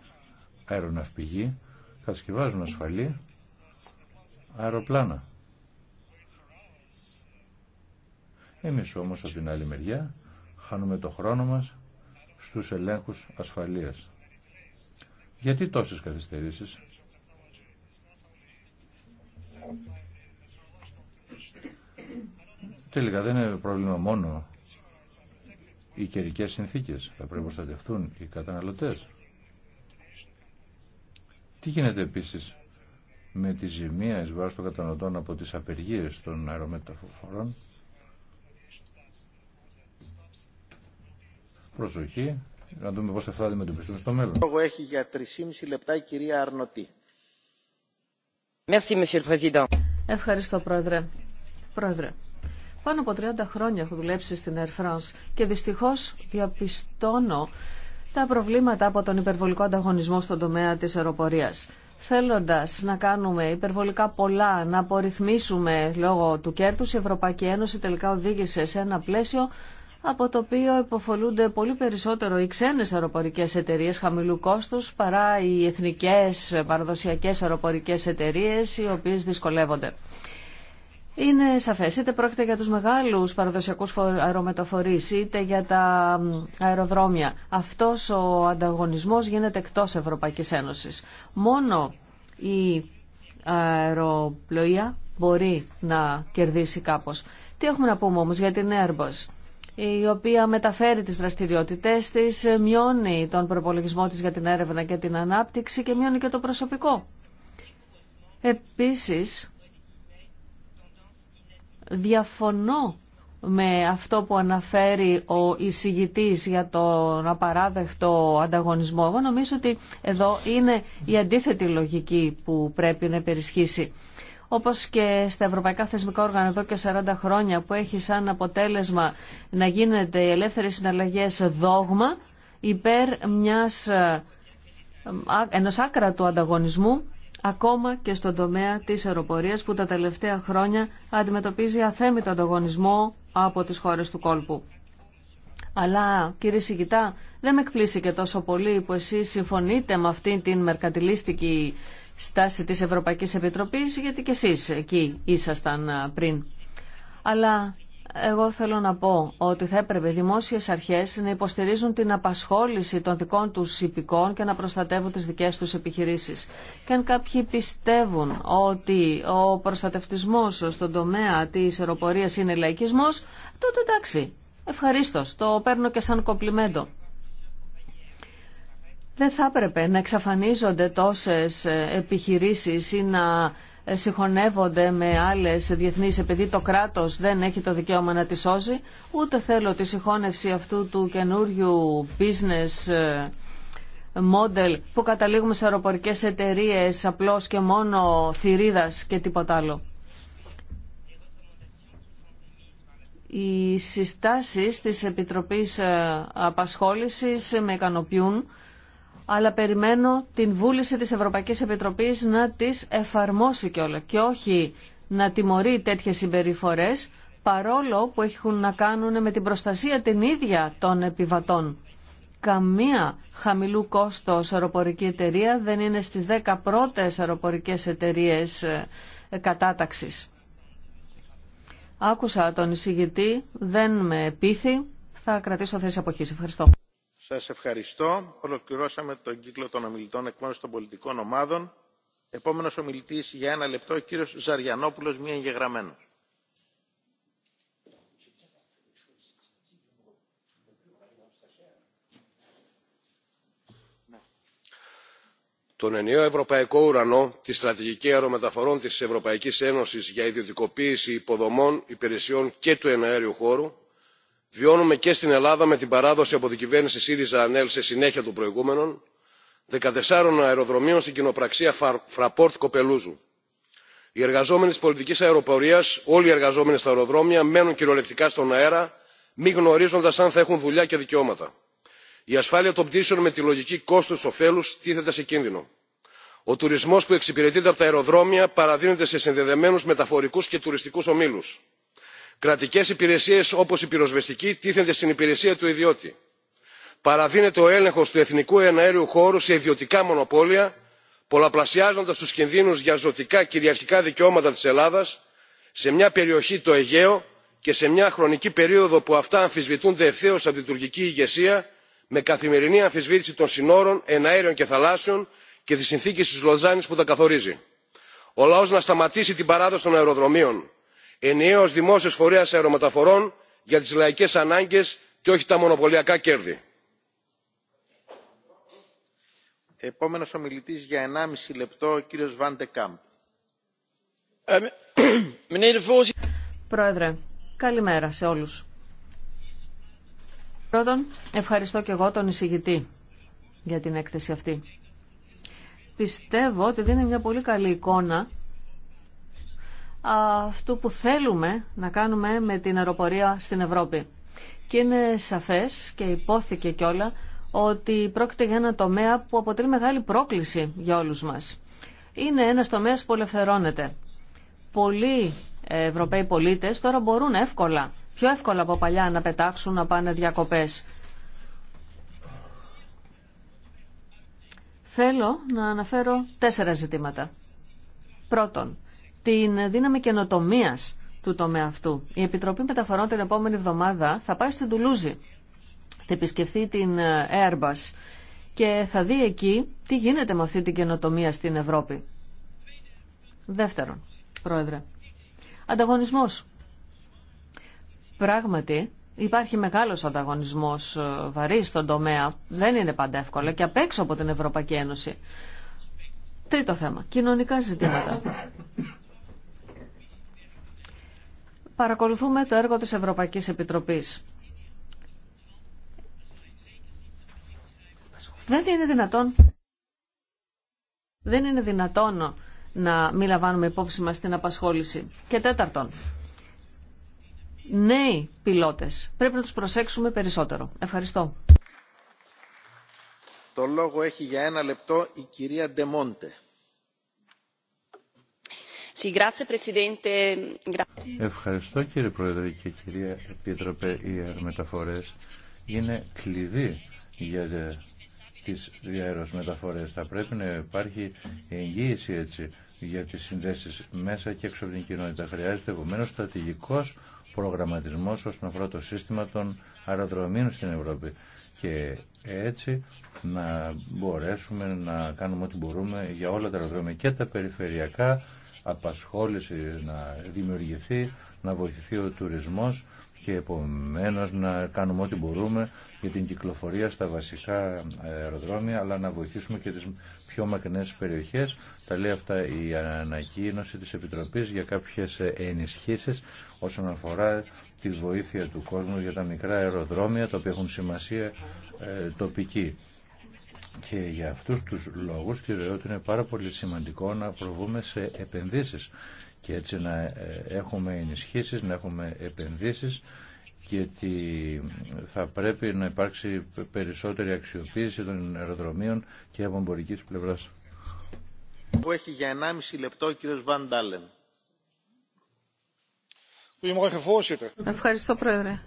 αεροναυπηγοί κατασκευάζουν ασφαλή αεροπλάνα. Εμείς όμως από την άλλη μεριά χάνουμε το χρόνο μας στους ελέγχους ασφαλείας. Γιατί τόσες καθυστερήσεις. Τελικά δεν είναι πρόβλημα μόνο οι καιρικέ συνθήκες. Θα πρέπει να προστατευτούν οι καταναλωτές. Τι γίνεται επίσης με τη ζημία ει βάρος των κατανοτών από τις απεργίε των αερομεταφορών. Προσοχή, να δούμε πώς θα το αντιμετωπιστούν στο μέλλον. έχει 3,5 λεπτά η κυρία Αρνοτή. Ευχαριστώ, Πρόεδρε. Πρόεδρε, πάνω από 30 χρόνια έχω δουλέψει στην Air France και δυστυχώς διαπιστώνω τα προβλήματα από τον υπερβολικό ανταγωνισμό στον τομέα της αεροπορίας. Θέλοντας να κάνουμε υπερβολικά πολλά, να απορριθμίσουμε λόγω του κέρδους, η Ευρωπαϊκή Ένωση τελικά οδήγησε σε ένα πλαίσιο από το οποίο υποφολούνται πολύ περισσότερο οι ξένες αεροπορικές εταιρείες χαμηλού κόστους παρά οι εθνικές παραδοσιακές αεροπορικές εταιρείες οι οποίες δυσκολεύονται είναι σαφές. Είτε πρόκειται για τους μεγάλους παραδοσιακούς αερομεταφορείς, είτε για τα αεροδρόμια. Αυτός ο ανταγωνισμός γίνεται εκτός Ευρωπαϊκής Ένωσης. Μόνο η αεροπλοεία μπορεί να κερδίσει κάπως. Τι έχουμε να πούμε όμως για την Airbus η οποία μεταφέρει τις δραστηριότητές της, μειώνει τον προπολογισμό της για την έρευνα και την ανάπτυξη και μειώνει και το προσωπικό. Επίσης, Διαφωνώ με αυτό που αναφέρει ο εισηγητής για τον απαράδεκτο ανταγωνισμό. Εγώ νομίζω ότι εδώ είναι η αντίθετη λογική που πρέπει να υπερισχύσει. Όπως και στα ευρωπαϊκά θεσμικά όργανα εδώ και 40 χρόνια που έχει σαν αποτέλεσμα να γίνεται οι ελεύθερες συναλλαγές δόγμα υπέρ μιας, ενός άκρα του ανταγωνισμού ακόμα και στον τομέα της αεροπορίας που τα τελευταία χρόνια αντιμετωπίζει αθέμητο ανταγωνισμό από τις χώρες του κόλπου. Αλλά, κύριε Σιγητά, δεν με εκπλήσει και τόσο πολύ που εσείς συμφωνείτε με αυτήν την μερκατιλίστικη στάση της Ευρωπαϊκής Επιτροπής, γιατί και εσείς εκεί ήσασταν ε, πριν. Αλλά εγώ θέλω να πω ότι θα έπρεπε οι δημόσιες αρχές να υποστηρίζουν την απασχόληση των δικών τους υπηκών και να προστατεύουν τις δικές τους επιχειρήσεις. Και αν κάποιοι πιστεύουν ότι ο προστατευτισμός στον τομέα της αεροπορίας είναι λαϊκισμός, τότε εντάξει, ευχαρίστω, το παίρνω και σαν κομπλιμέντο. Δεν θα έπρεπε να εξαφανίζονται τόσες επιχειρήσεις ή να συγχωνεύονται με άλλες διεθνεί επειδή το κράτος δεν έχει το δικαίωμα να τη σώσει, ούτε θέλω τη συγχώνευση αυτού του καινούριου business ε, model που καταλήγουμε σε αεροπορικές εταιρείε, απλώς και μόνο θηρίδα και τίποτα άλλο. Οι συστάσεις της Επιτροπής ε, Απασχόλησης με ικανοποιούν αλλά περιμένω την βούληση της Ευρωπαϊκής Επιτροπής να τις εφαρμόσει όλα και όχι να τιμωρεί τέτοιες συμπεριφορές παρόλο που έχουν να κάνουν με την προστασία την ίδια των επιβατών. Καμία χαμηλού κόστος αεροπορική εταιρεία δεν είναι στις 10 πρώτες αεροπορικές εταιρείες ε, κατάταξης. Άκουσα τον εισηγητή, δεν με πείθει. Θα κρατήσω θέση αποχής. Ευχαριστώ. Σας ευχαριστώ. Ολοκληρώσαμε τον κύκλο των ομιλητών εκ μέρους των πολιτικών ομάδων. Επόμενος ομιλητής για ένα λεπτό, ο κύριος Ζαριανόπουλος, μία εγγεγραμμένος. τον ενιαίο ευρωπαϊκό ουρανό τη στρατηγική αερομεταφορών της ευρωπαϊκής ένωσης για ιδιωτικοποίηση υποδομών υπηρεσιών και του εναέριου χώρου βιώνουμε και στην ελλάδα με την παράδοση από την κυβέρνηση σύριζα ανέλ σε συνέχεια του προηγούμενων δεκατεσσάρων αεροδρομίων στην κοινοπραξία φραπόρτ κοπελούζου. οι εργαζόμενοι τη πολιτική αεροπορία όλοι οι εργαζόμενοι στα αεροδρόμια μένουν κυριολεκτικά στον αέρα μη γνωρίζοντα αν θα έχουν δουλειά και δικαιώματα. η ασφάλεια των πτήσεων με τη λογική κόστου ωφέλου τίθεται σε κίνδυνο. ο τουρισμό που εξυπηρετείται από τα αεροδρόμια παραδίδεται σε συνδεδεμένου μεταφορικού και τουριστικού ομίλου κρατικές υπηρεσίες όπως η πυροσβεστική τίθενται στην υπηρεσία του ιδιώτη. παραδίνεται ο έλεγχος του εθνικού εναέριου χώρου σε ιδιωτικά μονοπόλια πολλαπλασιάζοντας τους κινδύνους για ζωτικά κυριαρχικά δικαιώματα της ελλάδας σε μια περιοχή το αιγαίο και σε μια χρονική περίοδο που αυτά αμφισβητούνται ευθέως από την τουρκική ηγεσία με καθημερινή αμφισβήτηση των συνόρων εναέριων και θαλάσσιων και τη συνθήκη τη λοζάνη που τα καθορίζει. ο λαό να σταματήσει την παράδοση των αεροδρομίων ενιαίος δημόσιος φορέας αερομεταφορών για τις λαϊκές ανάγκες και όχι τα μονοπωλιακά κέρδη. Επόμενος ομιλητής για 1,5 λεπτό, ο κύριος Βαντεκάμπ. Ε, Πρόεδρε, καλημέρα σε όλους. Πρώτον, ευχαριστώ και εγώ τον εισηγητή για την έκθεση αυτή. Πιστεύω ότι δίνει μια πολύ καλή εικόνα αυτού που θέλουμε να κάνουμε με την αεροπορία στην Ευρώπη. Και είναι σαφές και υπόθηκε κιόλα ότι πρόκειται για ένα τομέα που αποτελεί μεγάλη πρόκληση για όλους μας. Είναι ένας τομέας που ελευθερώνεται. Πολλοί Ευρωπαίοι πολίτες τώρα μπορούν εύκολα, πιο εύκολα από παλιά να πετάξουν, να πάνε διακοπές. Θέλω να αναφέρω τέσσερα ζητήματα. Πρώτον, την δύναμη καινοτομία του τομέα αυτού. Η Επιτροπή Μεταφορών την επόμενη εβδομάδα θα πάει στην Τουλούζη. Θα επισκεφθεί την ε, Airbus και θα δει εκεί τι γίνεται με αυτή την καινοτομία στην Ευρώπη. Δεύτερον, Πρόεδρε, ανταγωνισμός. Πράγματι, υπάρχει μεγάλος ανταγωνισμός ε, βαρύ στον τομέα. Δεν είναι πάντα εύκολο και απ' έξω από την Ευρωπαϊκή Ένωση. Τρίτο θέμα, κοινωνικά ζητήματα παρακολουθούμε το έργο της Ευρωπαϊκής Επιτροπής. Δεν είναι δυνατόν, δεν είναι δυνατόν να μην λαμβάνουμε υπόψη μας την απασχόληση. Και τέταρτον, νέοι πιλότες. Πρέπει να τους προσέξουμε περισσότερο. Ευχαριστώ. Το λόγο έχει για ένα λεπτό η κυρία Ντεμόντε. Ευχαριστώ κύριε Πρόεδρε και κυρία Επίτροπε. Οι αερομεταφορές είναι κλειδί για τις μεταφορές. Θα πρέπει να υπάρχει εγγύηση έτσι για τις συνδέσεις μέσα και έξω από την κοινότητα. Χρειάζεται επομένω στρατηγικός προγραμματισμός όσον αφορά το σύστημα των αεροδρομίων στην Ευρώπη. Και έτσι να μπορέσουμε να κάνουμε ό,τι μπορούμε για όλα τα αεροδρόμια και τα περιφερειακά απασχόληση να δημιουργηθεί, να βοηθηθεί ο τουρισμός και επομένως να κάνουμε ό,τι μπορούμε για την κυκλοφορία στα βασικά αεροδρόμια αλλά να βοηθήσουμε και τις πιο μακρινές περιοχές. Τα λέει αυτά η ανακοίνωση της Επιτροπής για κάποιες ενισχύσεις όσον αφορά τη βοήθεια του κόσμου για τα μικρά αεροδρόμια τα οποία έχουν σημασία ε, τοπική. Και για αυτούς τους λόγους θεωρώ ότι είναι πάρα πολύ σημαντικό να προβούμε σε επενδύσεις και έτσι να ε, έχουμε ενισχύσεις, να έχουμε επενδύσεις γιατί θα πρέπει να υπάρξει περισσότερη αξιοποίηση των αεροδρομίων και από εμπορική πλευρά. Που έχει για 1,5 λεπτό ο Βαντάλεν. Ευχαριστώ, Πρόεδρε.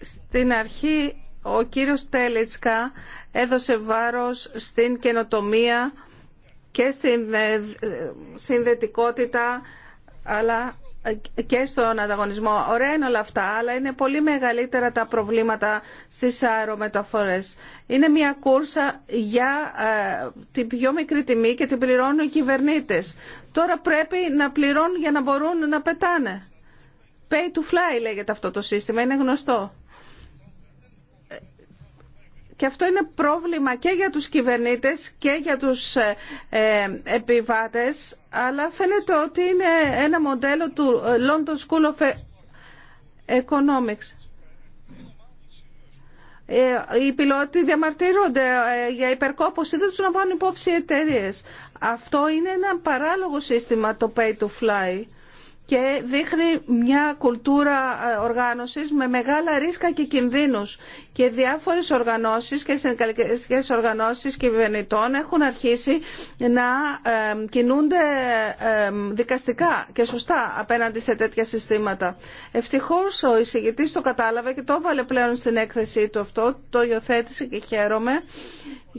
Στην αρχή ο κύριος Τέλετσκα έδωσε βάρος στην καινοτομία και στην ε, συνδετικότητα αλλά και στον ανταγωνισμό. Ωραία είναι όλα αυτά, αλλά είναι πολύ μεγαλύτερα τα προβλήματα στις αερομεταφορές. Είναι μια κούρσα για ε, την πιο μικρή τιμή και την πληρώνουν οι κυβερνήτες. Τώρα πρέπει να πληρώνουν για να μπορούν να πετάνε. Pay to fly λέγεται αυτό το σύστημα, είναι γνωστό. Και αυτό είναι πρόβλημα και για τους κυβερνήτες και για τους ε, ε, επιβάτες, αλλά φαίνεται ότι είναι ένα μοντέλο του London School of Economics. Ε, οι πιλότοι διαμαρτύρονται για υπερκόπωση, δεν τους λαμβάνουν υπόψη οι εταιρείε. Αυτό είναι ένα παράλογο σύστημα το pay to fly και δείχνει μια κουλτούρα ε, οργάνωσης με μεγάλα ρίσκα και κινδύνους. Και διάφορες οργανώσεις και συνεργατικές οργανώσεις κυβερνητών έχουν αρχίσει να ε, κινούνται ε, δικαστικά και σωστά απέναντι σε τέτοια συστήματα. Ευτυχώς ο εισηγητής το κατάλαβε και το έβαλε πλέον στην έκθεσή του αυτό, το υιοθέτησε και χαίρομαι.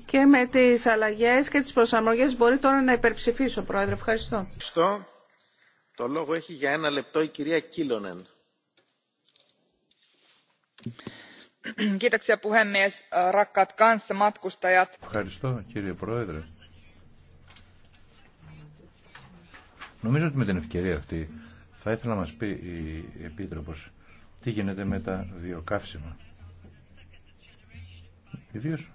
Και με τις αλλαγές και τις προσαρμογές μπορεί τώρα να υπερψηφίσω, Πρόεδρε. Ευχαριστώ. Το λόγο έχει για ένα λεπτό η κυρία Κίλονεν. Ευχαριστώ κύριε Πρόεδρε. Νομίζω ότι με την ευκαιρία αυτή θα ήθελα να μας πει η Επίτροπος τι γίνεται με τα βιοκαύσιμα. Ιδίως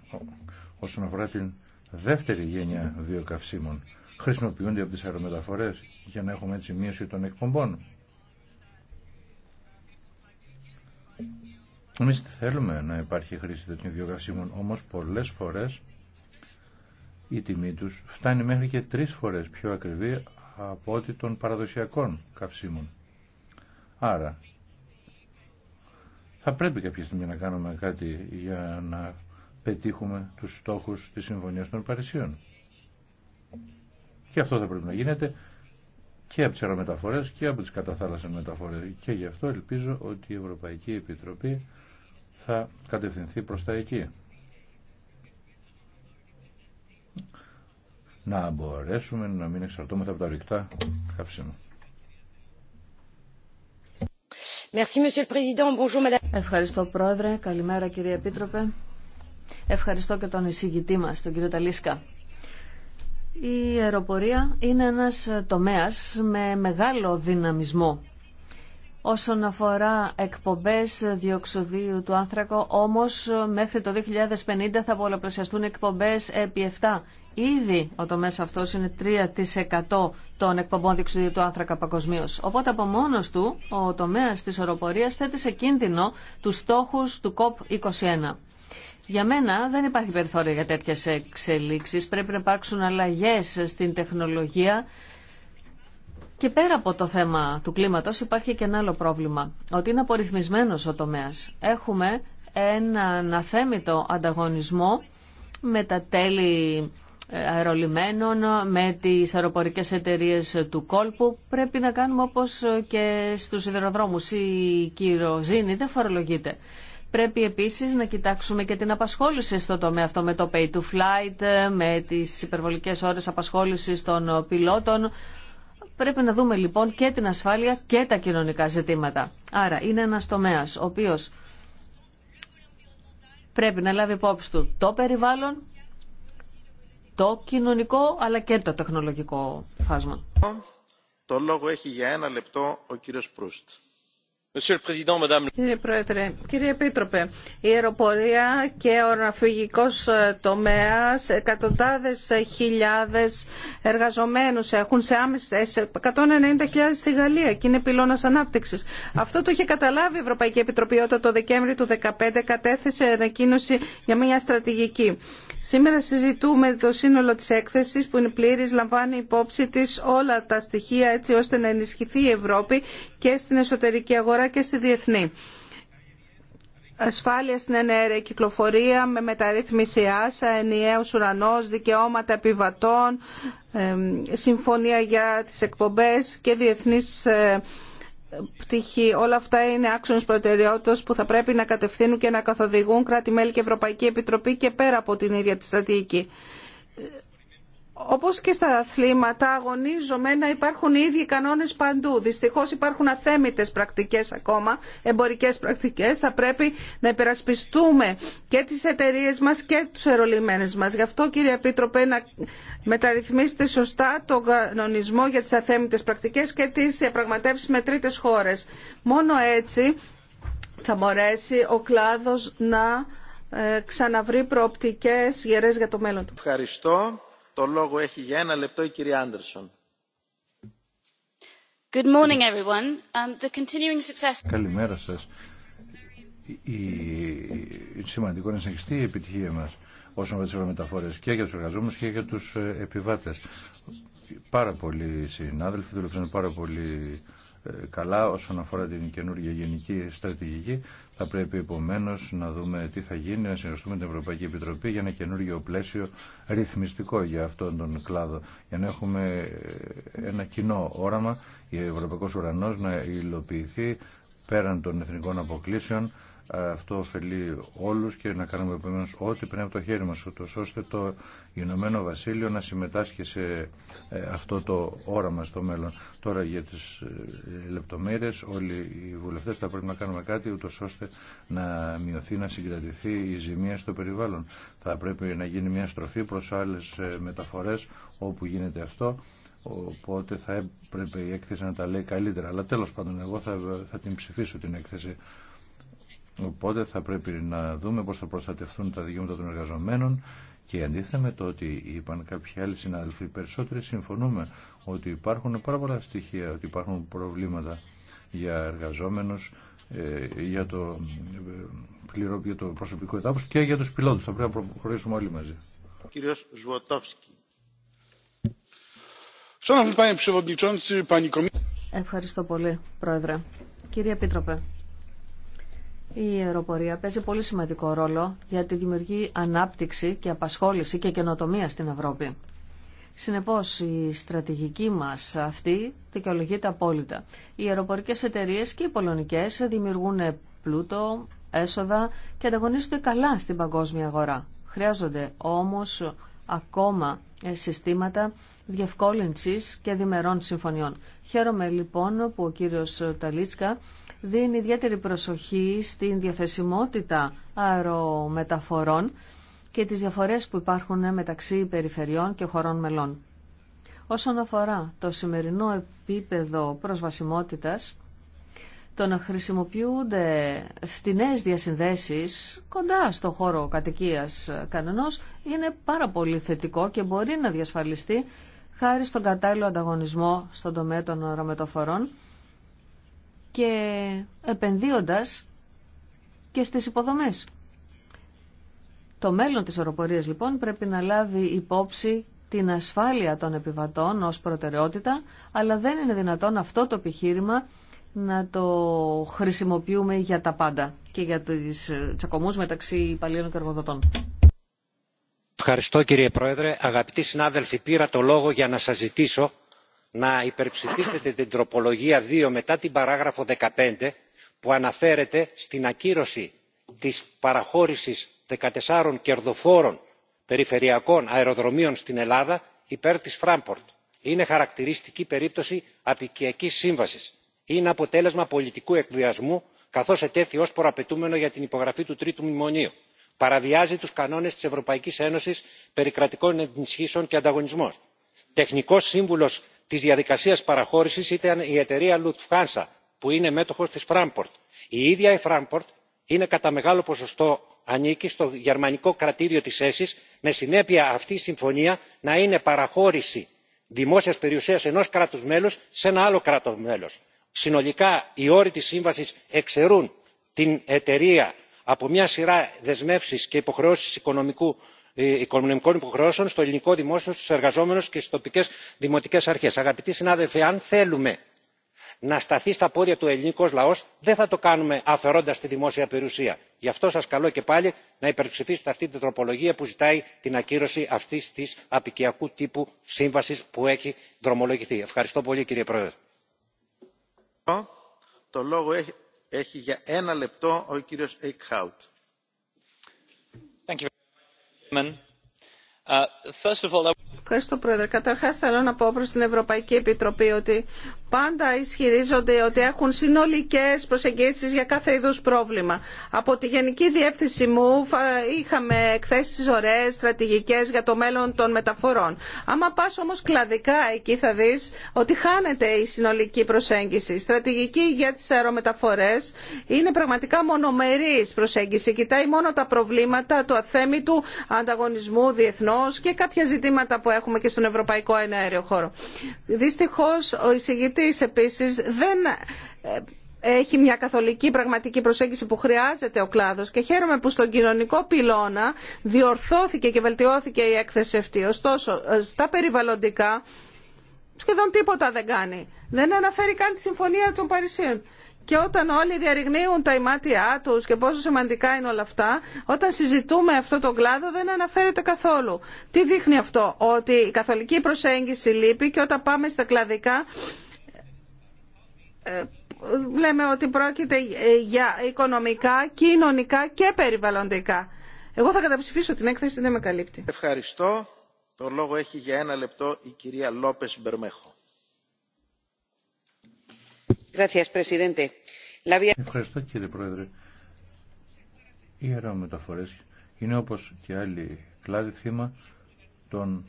όσον αφορά την δεύτερη γενιά βιοκαυσίμων χρησιμοποιούνται από τις αερομεταφορές για να έχουμε έτσι μείωση των εκπομπών. Εμείς θέλουμε να υπάρχει χρήση τέτοιων βιοκαυσίμων, όμως πολλές φορές η τιμή τους φτάνει μέχρι και τρεις φορές πιο ακριβή από ό,τι των παραδοσιακών καυσίμων. Άρα, θα πρέπει κάποια στιγμή να κάνουμε κάτι για να πετύχουμε τους στόχους της Συμφωνίας των Παρισίων. Και αυτό θα πρέπει να γίνεται και από τι αερομεταφορέ και από τι καταθάλασσε μεταφορές. Και γι' αυτό ελπίζω ότι η Ευρωπαϊκή Επιτροπή θα κατευθυνθεί προς τα εκεί. Να μπορέσουμε να μην εξαρτώμεθα από τα ρηκτά καύσιμα. Ευχαριστώ Πρόεδρε. Καλημέρα κύριε Επίτροπε. Ευχαριστώ και τον εισηγητή μας, τον κύριο Ταλίσκα. Η αεροπορία είναι ένας τομέας με μεγάλο δυναμισμό. Όσον αφορά εκπομπές διοξοδίου του άνθρακο, όμως μέχρι το 2050 θα πολλαπλασιαστούν εκπομπές επί 7. Ήδη ο τομέας αυτός είναι 3% των εκπομπών διοξιδίου του άνθρακα παγκοσμίω. Οπότε από μόνος του ο τομέας της αεροπορίας θέτει σε κίνδυνο τους στόχους του COP21. Για μένα δεν υπάρχει περιθώριο για τέτοιες εξελίξεις. Πρέπει να υπάρξουν αλλαγές στην τεχνολογία. Και πέρα από το θέμα του κλίματος υπάρχει και ένα άλλο πρόβλημα. Ότι είναι απορριθμισμένο ο τομέας. Έχουμε έναν αθέμητο ανταγωνισμό με τα τέλη ε, αερολιμένων, με τις αεροπορικές εταιρείες του κόλπου. Πρέπει να κάνουμε όπως και στους σιδηροδρόμους. Η κυροζήνη δεν φορολογείται. Πρέπει επίσης να κοιτάξουμε και την απασχόληση στο τομέα αυτό με το pay to flight, με τις υπερβολικές ώρες απασχόλησης των πιλότων. Πρέπει να δούμε λοιπόν και την ασφάλεια και τα κοινωνικά ζητήματα. Άρα είναι ένας τομέας ο οποίος πρέπει να λάβει υπόψη του το περιβάλλον, το κοινωνικό αλλά και το τεχνολογικό φάσμα. Το λόγο έχει για ένα λεπτό ο κύριος Προύστ. Κύριε Πρόεδρε, κύριε Επίτροπε, η αεροπορία και ο ναυπηγικός ε, τομέας, εκατοντάδες ε, χιλιάδες εργαζομένους έχουν σε άμεσες 190.000 στη Γαλλία και είναι πυλώνας ανάπτυξης. Αυτό το είχε καταλάβει η Ευρωπαϊκή Επιτροπή όταν το Δεκέμβρη του 2015 κατέθεσε ανακοίνωση για μια στρατηγική. Σήμερα συζητούμε το σύνολο της έκθεσης που είναι πλήρης, λαμβάνει υπόψη της όλα τα στοιχεία έτσι ώστε να ενισχυθεί η Ευρώπη και στην εσωτερική αγορά και στη διεθνή. Ασφάλεια στην ενέργεια κυκλοφορία με μεταρρύθμιση άσα, ενιαίος ουρανός, δικαιώματα επιβατών, συμφωνία για τις εκπομπές και διεθνής ε, πτυχή. Όλα αυτά είναι άξονε προτεραιότητας που θα πρέπει να κατευθύνουν και να καθοδηγούν κράτη-μέλη και Ευρωπαϊκή Επιτροπή και πέρα από την ίδια τη στρατηγική όπως και στα αθλήματα αγωνίζομαι να υπάρχουν οι ίδιοι κανόνες παντού. Δυστυχώς υπάρχουν αθέμητες πρακτικές ακόμα, εμπορικές πρακτικές. Θα πρέπει να υπερασπιστούμε και τις εταιρείε μας και τους ερωλημένες μας. Γι' αυτό κύριε Επίτροπε να μεταρρυθμίσετε σωστά τον κανονισμό για τις αθέμητες πρακτικές και τις διαπραγματεύσεις με τρίτες χώρες. Μόνο έτσι θα μπορέσει ο κλάδος να ε, ξαναβρει προοπτικές γερές για το μέλλον του. Ευχαριστώ το λόγο έχει για ένα λεπτό η κυρία Άντερσον. Good morning, everyone. Um, the continuing success... Καλημέρα σας. Η... Σημαντικό να συνεχιστεί η επιτυχία μας όσον αφορά τις ευρωμεταφορές και για τους εργαζόμενους και για τους ε, επιβάτες. Πάρα πολλοί συνάδελφοι δουλεύουν πάρα πολύ ε, καλά όσον αφορά την καινούργια γενική στρατηγική. Θα πρέπει επομένω να δούμε τι θα γίνει, να συνεργαστούμε την Ευρωπαϊκή Επιτροπή για ένα καινούργιο πλαίσιο ρυθμιστικό για αυτόν τον κλάδο. Για να έχουμε ε, ένα κοινό όραμα, ο Ευρωπαϊκό Ουρανό να υλοποιηθεί πέραν των εθνικών αποκλήσεων αυτό ωφελεί όλου και να κάνουμε επομένω ό,τι πρέπει από το χέρι μα, ούτως ώστε το Ηνωμένο Βασίλειο να συμμετάσχει σε ε, αυτό το όραμα στο μέλλον. Τώρα για τις ε, λεπτομέρειε όλοι οι βουλευτές θα πρέπει να κάνουμε κάτι ούτω ώστε να μειωθεί, να συγκρατηθεί η ζημία στο περιβάλλον. Θα πρέπει να γίνει μια στροφή προς άλλε μεταφορέ όπου γίνεται αυτό οπότε θα έπρεπε η έκθεση να τα λέει καλύτερα. Αλλά τέλο πάντων εγώ θα, θα την ψηφίσω την έκθεση Οπότε θα πρέπει να δούμε πώς θα προστατευτούν τα δικαιώματα των εργαζομένων και αντίθετα με το ότι είπαν κάποιοι άλλοι συναδελφοί, περισσότεροι συμφωνούμε ότι υπάρχουν πάρα πολλά στοιχεία, ότι υπάρχουν προβλήματα για εργαζόμενους, ε, για το, ε, για το προσωπικό εδάφος και για τους πιλότους. Θα πρέπει να προχωρήσουμε όλοι μαζί. Κύριος Ευχαριστώ πολύ, Πρόεδρε. Κύριε Επίτροπε, η αεροπορία παίζει πολύ σημαντικό ρόλο για τη δημιουργή ανάπτυξη και απασχόληση και καινοτομία στην Ευρώπη. Συνεπώς η στρατηγική μας αυτή δικαιολογείται απόλυτα. Οι αεροπορικές εταιρείες και οι πολωνικές δημιουργούν πλούτο, έσοδα και ανταγωνίζονται καλά στην παγκόσμια αγορά. Χρειάζονται όμως ακόμα συστήματα διευκόλυνσης και διμερών συμφωνιών. Χαίρομαι λοιπόν που ο κύριος Ταλίτσκα δίνει ιδιαίτερη προσοχή στην διαθεσιμότητα αερομεταφορών και τις διαφορές που υπάρχουν μεταξύ περιφερειών και χωρών μελών. Όσον αφορά το σημερινό επίπεδο προσβασιμότητας, το να χρησιμοποιούνται φτηνές διασυνδέσεις κοντά στο χώρο κατοικίας κανενός είναι πάρα πολύ θετικό και μπορεί να διασφαλιστεί χάρη στον κατάλληλο ανταγωνισμό στον τομέα των αερομεταφορών και επενδύοντας και στις υποδομές. Το μέλλον της οροπορίας λοιπόν πρέπει να λάβει υπόψη την ασφάλεια των επιβατών ως προτεραιότητα, αλλά δεν είναι δυνατόν αυτό το επιχείρημα να το χρησιμοποιούμε για τα πάντα και για τις ε, τσακωμούς μεταξύ υπαλλήλων και εργοδοτών. Ευχαριστώ κύριε Πρόεδρε. Αγαπητοί συνάδελφοι, πήρα το λόγο για να σας ζητήσω να υπερψηφίσετε την τροπολογία 2 μετά την παράγραφο 15 που αναφέρεται στην ακύρωση της παραχώρησης 14 κερδοφόρων περιφερειακών αεροδρομίων στην Ελλάδα υπέρ της Φράμπορντ. Είναι χαρακτηριστική περίπτωση απικιακής σύμβασης. Είναι αποτέλεσμα πολιτικού εκβιασμού καθώς ετέθη ως προαπαιτούμενο για την υπογραφή του τρίτου μνημονίου. Παραβιάζει τους κανόνες της Ευρωπαϊκής Ένωσης περί κρατικών ενισχύσεων και ανταγωνισμός. Τεχνικός σύμβουλος της διαδικασίας παραχώρησης ήταν η εταιρεία lufthansa που είναι μέτοχος της fraport. η ίδια η fraport κατά μεγάλο ποσοστό ανήκει στο γερμανικό κρατήριο της ΕΣΥ με συνέπεια αυτή η συμφωνία να είναι παραχώρηση δημόσιας περιουσίας ενός κράτους μέλους σε ένα άλλο κράτος μέλος. συνολικά οι όροι της σύμβασης εξαιρούν την εταιρεία από μια σειρά δεσμεύσει και υποχρεώσει οικονομικού ε, οικονομικών υποχρεώσεων στο ελληνικό δημόσιο στους εργαζόμενους και στις τοπικές δημοτικές αρχές. αγαπητοί συνάδελφοι αν θέλουμε να σταθεί στα πόδια του ελληνικό ελληνικός λαός δεν θα το κάνουμε αφαιρώντας τη δημόσια περιουσία. γι' αυτό σας καλώ και πάλι να υπερψηφίσετε αυτή την τροπολογία που ζητάει την ακύρωση αυτής της απικιακού τύπου σύμβασης που έχει δρομολογηθεί. ευχαριστώ πολύ κύριε πρόεδρε. Το λόγο έχει για ένα λεπτό ο Uh, Ευχαριστώ, Πρόεδρε. Καταρχάς, θέλω να πω προς την Ευρωπαϊκή Επιτροπή ότι πάντα ισχυρίζονται ότι έχουν συνολικές προσεγγίσεις για κάθε είδους πρόβλημα. Από τη Γενική Διεύθυνση μου είχαμε εκθέσεις ωραίες, στρατηγικές για το μέλλον των μεταφορών. Άμα πας όμως κλαδικά εκεί θα δεις ότι χάνεται η συνολική προσέγγιση. Η στρατηγική για τις αερομεταφορές είναι πραγματικά μονομερής προσέγγιση. Κοιτάει μόνο τα προβλήματα του αθέμητου ανταγωνισμού διεθνώς και κάποια ζητήματα που έχουμε και στον ευρωπαϊκό εναέριο χώρο. Δυστυχώς ο εισηγητή Επίση επίσης δεν ε, έχει μια καθολική πραγματική προσέγγιση που χρειάζεται ο κλάδος και χαίρομαι που στον κοινωνικό πυλώνα διορθώθηκε και βελτιώθηκε η έκθεση αυτή. Ωστόσο, ε, στα περιβαλλοντικά σχεδόν τίποτα δεν κάνει. Δεν αναφέρει καν τη Συμφωνία των Παρισίων. Και όταν όλοι διαρριγνύουν τα ημάτια του και πόσο σημαντικά είναι όλα αυτά, όταν συζητούμε αυτό τον κλάδο δεν αναφέρεται καθόλου. Τι δείχνει αυτό, ότι η καθολική προσέγγιση λείπει και όταν πάμε στα κλαδικά λέμε ότι πρόκειται ε, για οικονομικά, κοινωνικά και περιβαλλοντικά. Εγώ θα καταψηφίσω την έκθεση, δεν με καλύπτει. Ευχαριστώ. Το λόγο έχει για ένα λεπτό η κυρία Λόπες Μπερμέχο. Ευχαριστώ κύριε Πρόεδρε. Οι αερομεταφορές είναι όπως και άλλοι κλάδοι θύμα των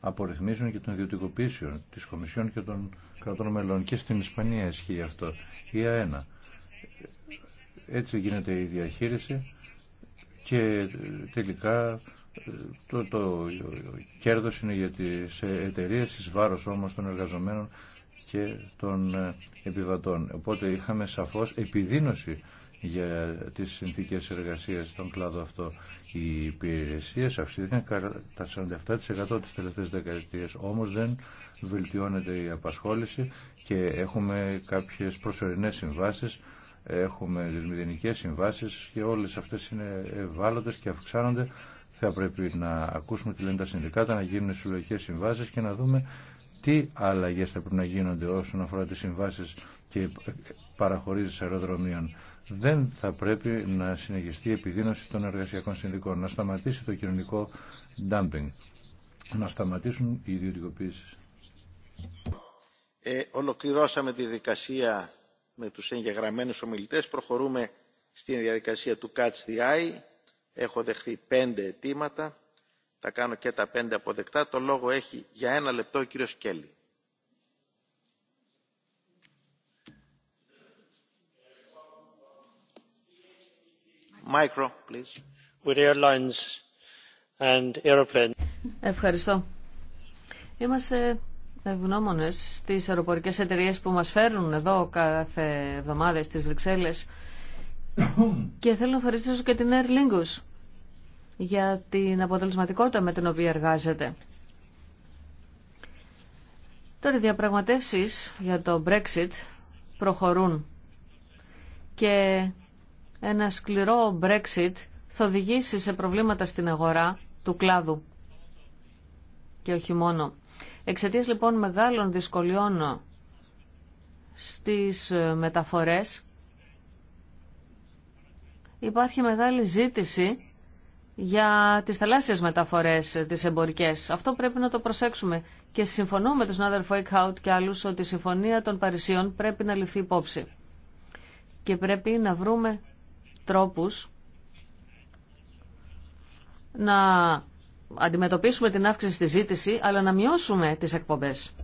απορριθμίσεων και των ιδιωτικοποίησεων τη Κομισιόν και των κρατών μελών και στην Ισπανία ισχύει αυτό η ΑΕΝΑ έτσι γίνεται η διαχείριση και τελικά το, το κέρδος είναι για τις εταιρείες εις βάρος όμως των εργαζομένων και των επιβατών. Οπότε είχαμε σαφώς επιδίνωση για τις συνθήκες εργασίας στον κλάδο αυτό. Οι υπηρεσίε αυξήθηκαν κατά 47% τις τελευταίες δεκαετίες, όμως δεν βελτιώνεται η απασχόληση και έχουμε κάποιες προσωρινές συμβάσεις, έχουμε τις μηδενικές συμβάσεις και όλες αυτές είναι ευάλωτες και αυξάνονται. Θα πρέπει να ακούσουμε τι λένε τα συνδικάτα, να γίνουν συλλογικές συμβάσεις και να δούμε τι αλλαγές θα πρέπει να γίνονται όσον αφορά τις συμβάσεις και παραχωρήσεις αεροδρομίων. Δεν θα πρέπει να συνεχιστεί η επιδείνωση των εργασιακών συνδικών, να σταματήσει το κοινωνικό dumping, να σταματήσουν οι ιδιωτικοποίησεις. Ε, ολοκληρώσαμε τη διαδικασία με τους εγγεγραμμένους ομιλητές. Προχωρούμε στη διαδικασία του Catch the Eye. Έχω δεχθεί πέντε αιτήματα. Θα κάνω και τα πέντε αποδεκτά. Το λόγο έχει για ένα λεπτό ο κύριος Κέλλη. Ευχαριστώ. Είμαστε ευγνώμονες στις αεροπορικές εταιρείες που μας φέρνουν εδώ κάθε εβδομάδα στις Βρυξέλλες και θέλω να ευχαριστήσω και την Air Lingus για την αποτελεσματικότητα με την οποία εργάζεται. Τώρα οι διαπραγματεύσεις για το Brexit προχωρούν και ένα σκληρό Brexit θα οδηγήσει σε προβλήματα στην αγορά του κλάδου και όχι μόνο. Εξαιτίας λοιπόν μεγάλων δυσκολιών στις ε, μεταφορές υπάρχει μεγάλη ζήτηση για τις θαλάσσιες μεταφορές, ε, τις εμπορικές. Αυτό πρέπει να το προσέξουμε. Και συμφωνώ με τον ναδερφού Eichhout και άλλους ότι η συμφωνία των Παρισίων πρέπει να ληφθεί υπόψη. Και πρέπει να βρούμε τρόπους να αντιμετωπίσουμε την αύξηση στη ζήτηση, αλλά να μειώσουμε τις εκπομπές.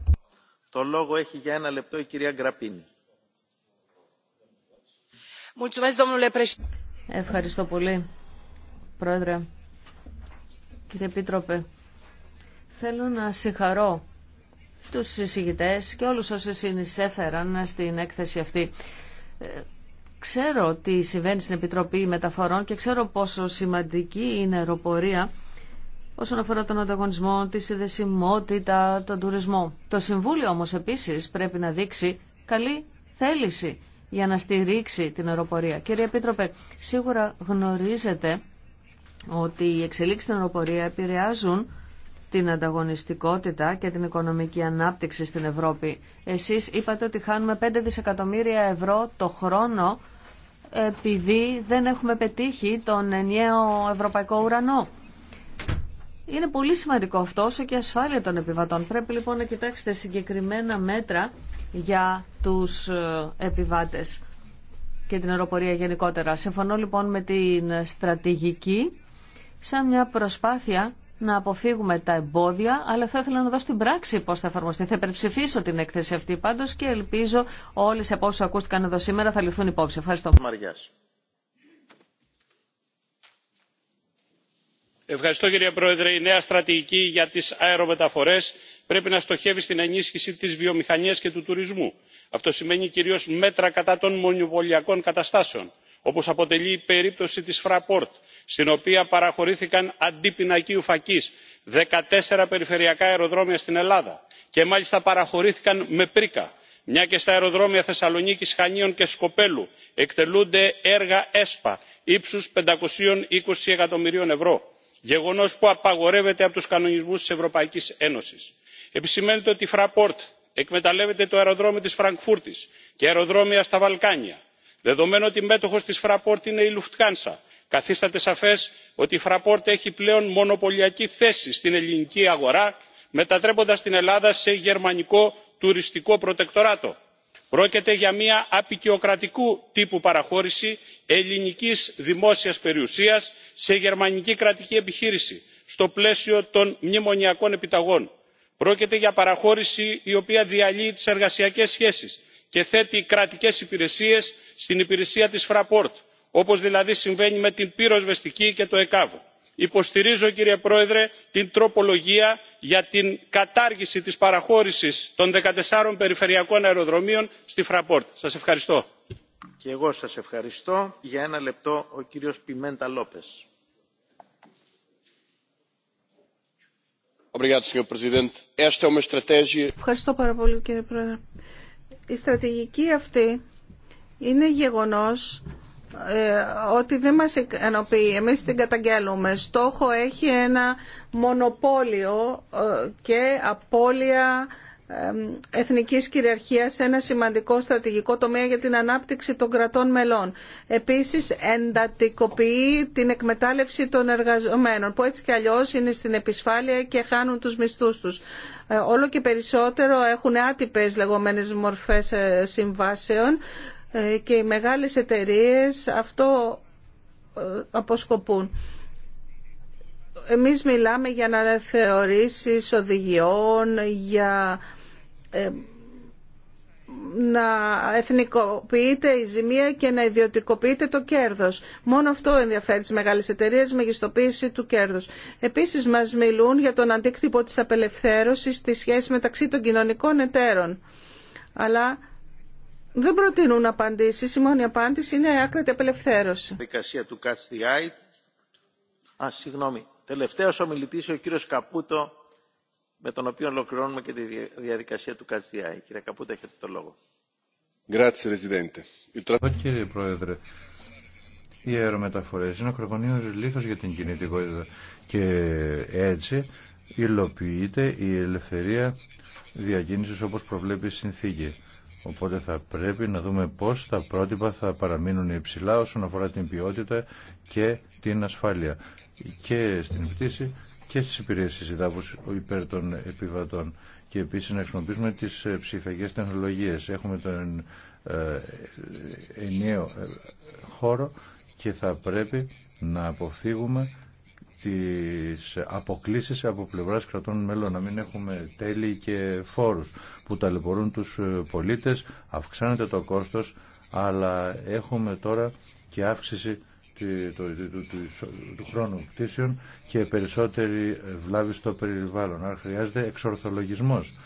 Το λόγο έχει για ένα λεπτό η κυρία Γκραπίνη. Ευχαριστώ πολύ, Πρόεδρε. Κύριε Επίτροπε, θέλω να συγχαρώ τους συζητητές και όλους όσοι συνεισέφεραν στην έκθεση αυτή. Ε, Ξέρω τι συμβαίνει στην Επιτροπή Μεταφορών και ξέρω πόσο σημαντική είναι η αεροπορία όσον αφορά τον ανταγωνισμό, τη συνδεσιμότητα, τον τουρισμό. Το Συμβούλιο όμως επίσης πρέπει να δείξει καλή θέληση για να στηρίξει την αεροπορία. Κύριε Επίτροπε, σίγουρα γνωρίζετε ότι οι εξελίξεις στην αεροπορία επηρεάζουν την ανταγωνιστικότητα και την οικονομική ανάπτυξη στην Ευρώπη. Εσείς είπατε ότι χάνουμε 5 δισεκατομμύρια ευρώ το χρόνο επειδή δεν έχουμε πετύχει τον ενιαίο ευρωπαϊκό ουρανό. Είναι πολύ σημαντικό αυτό όσο και η ασφάλεια των επιβατών. Πρέπει λοιπόν να κοιτάξετε συγκεκριμένα μέτρα για τους ε, επιβάτες και την αεροπορία γενικότερα. Συμφωνώ λοιπόν με την στρατηγική σαν μια προσπάθεια να αποφύγουμε τα εμπόδια, αλλά θα ήθελα να δω στην πράξη πώ θα εφαρμοστεί. Θα υπερψηφίσω την έκθεση αυτή πάντω και ελπίζω όλε οι απόψει που ακούστηκαν εδώ σήμερα θα ληφθούν υπόψη. Ευχαριστώ. Μαριάς. Ευχαριστώ κύριε Πρόεδρε. Η νέα στρατηγική για τι αερομεταφορέ πρέπει να στοχεύει στην ενίσχυση τη βιομηχανία και του τουρισμού. Αυτό σημαίνει κυρίω μέτρα κατά των μονοπωλιακών καταστάσεων όπως αποτελεί η περίπτωση της fraport στην οποία παραχωρήθηκαν αντί πινακίου φακής δεκατέσσερα περιφερειακά αεροδρόμια στην ελλάδα και μάλιστα παραχωρήθηκαν με πρίκα μια και στα αεροδρόμια θεσσαλονίκης χανίων και σκοπέλου εκτελούνται έργα εσπα ύψους 520 εκατομμυρίων ευρώ γεγονός που απαγορεύεται από τους κανονισμούς της ευρωπαϊκής ένωσης. επισημαίνεται ότι η fraport εκμεταλλεύεται το αεροδρόμιο της φραγκφούρτης και αεροδρόμια στα βαλκάνια δεδομένου ότι μέτοχος της fraport είναι η lufthansa καθίσταται σαφές ότι η fraport έχει πλέον μονοπωλιακή θέση στην ελληνική αγορά μετατρέποντας την ελλάδα σε γερμανικό τουριστικό προτεκτοράτο. πρόκειται για μια απεικιοκρατικού τύπου παραχώρηση ελληνικής δημόσιας περιουσίας σε γερμανική κρατική επιχείρηση στο πλαίσιο των μνημονιακών επιταγών. πρόκειται για παραχώρηση η οποία διαλύει τις εργασιακές σχέσεις και θέτει κρατικές υπηρεσίες στην υπηρεσία της fraport όπως δηλαδή συμβαίνει με την Πύρος Βεστική και το ΕΚΑΒΟ. υποστηρίζω κύριε πρόεδρε την τροπολογία για την κατάργηση της παραχώρησης των 14 περιφερειακών αεροδρομίων στη fraport. σας ευχαριστώ. Και εγώ σας ευχαριστώ. Για ένα λεπτό ο κύριος Πιμέντα Λόπες. Ευχαριστώ πάρα πολύ κύριε Πρόεδρε. Η στρατηγική αυτή είναι γεγονός ε, ότι δεν μας ικανοποιεί. Εμείς την καταγγέλουμε. Στόχο έχει ένα μονοπόλιο ε, και απώλεια εθνικής κυριαρχίας σε ένα σημαντικό στρατηγικό τομέα για την ανάπτυξη των κρατών μελών. Επίσης εντατικοποιεί την εκμετάλλευση των εργαζομένων που έτσι κι αλλιώς είναι στην επισφάλεια και χάνουν τους μισθούς τους. Ε, όλο και περισσότερο έχουν άτυπες λεγόμενες μορφές συμβάσεων ε, και οι μεγάλες εταιρείες αυτό ε, αποσκοπούν. Εμείς μιλάμε για να θεωρήσεις οδηγιών, για ε, να εθνικοποιείται η ζημία και να ιδιωτικοποιείται το κέρδος. Μόνο αυτό ενδιαφέρει τις μεγάλες εταιρείες, μεγιστοποίηση του κέρδους. Επίσης μας μιλούν για τον αντίκτυπο της απελευθέρωσης στη σχέση μεταξύ των κοινωνικών εταίρων. Αλλά δεν προτείνουν απαντήσεις. Η μόνη απάντηση είναι άκρατη απελευθέρωση. Δικασία του Κατστιάη. Α, συγγνώμη. Τελευταίος ομιλητής ο κύριος Καπούτο, με τον οποίο ολοκληρώνουμε και τη διαδικασία του Κατστιάη. Κύριε Καπούτο, έχετε το λόγο. Κύριε Πρόεδρε, οι αερομεταφορές είναι ο κροκονίος λίθος για την κινητικότητα και έτσι υλοποιείται η ελευθερία διακίνησης όπως προβλέπει η συνθήκη. Οπότε θα πρέπει να δούμε πώς τα πρότυπα θα παραμείνουν υψηλά όσον αφορά την ποιότητα και την ασφάλεια και στην πτήση και στις υπηρεσίες υδάφους υπέρ των επιβατών και επίσης να χρησιμοποιήσουμε τις ε, ψηφιακές τεχνολογίες. Έχουμε τον ε, ε, ενιαίο χώρο και θα πρέπει να αποφύγουμε τις αποκλήσεις από πλευράς κρατών μελών, να μην έχουμε τέλη και φόρους που ταλαιπωρούν τους πολίτες, αυξάνεται το κόστος, αλλά έχουμε τώρα και αύξηση του χρόνου πτήσεων και περισσότερη βλάβη στο περιβάλλον. Άρα χρειάζεται εξορθολογισμός.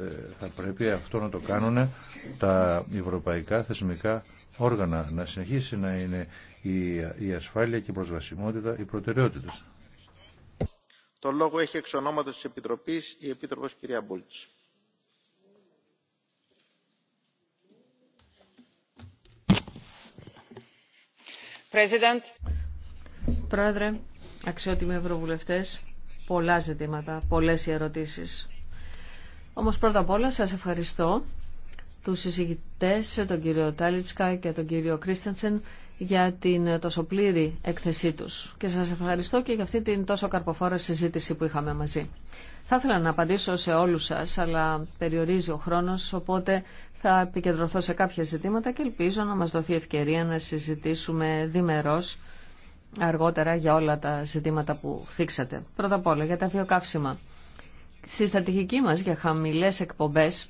Ε, θα πρέπει αυτό να το κάνουν τα ευρωπαϊκά θεσμικά όργανα να συνεχίσει να είναι η, ασφάλεια και η προσβασιμότητα η προτεραιότητα. Το λόγο έχει εξ ονόματος της Επιτροπής η Επίτροπος κυρία Μπούλτς. President. Πρόεδρε, αξιότιμοι ευρωβουλευτές, πολλά ζητήματα, πολλές ερωτήσεις. Όμως πρώτα απ' όλα σας ευχαριστώ του συζητητέ, τον κύριο Τάλιτσκα και τον κύριο Κρίστενσεν, για την τόσο πλήρη εκθεσή του. Και σα ευχαριστώ και για αυτή την τόσο καρποφόρα συζήτηση που είχαμε μαζί. Θα ήθελα να απαντήσω σε όλου σα, αλλά περιορίζει ο χρόνο, οπότε θα επικεντρωθώ σε κάποια ζητήματα και ελπίζω να μα δοθεί ευκαιρία να συζητήσουμε διμερό αργότερα για όλα τα ζητήματα που θίξατε. Πρώτα απ' όλα για τα βιοκαύσιμα. Στη στατηγική μας για χαμηλές εκπομπές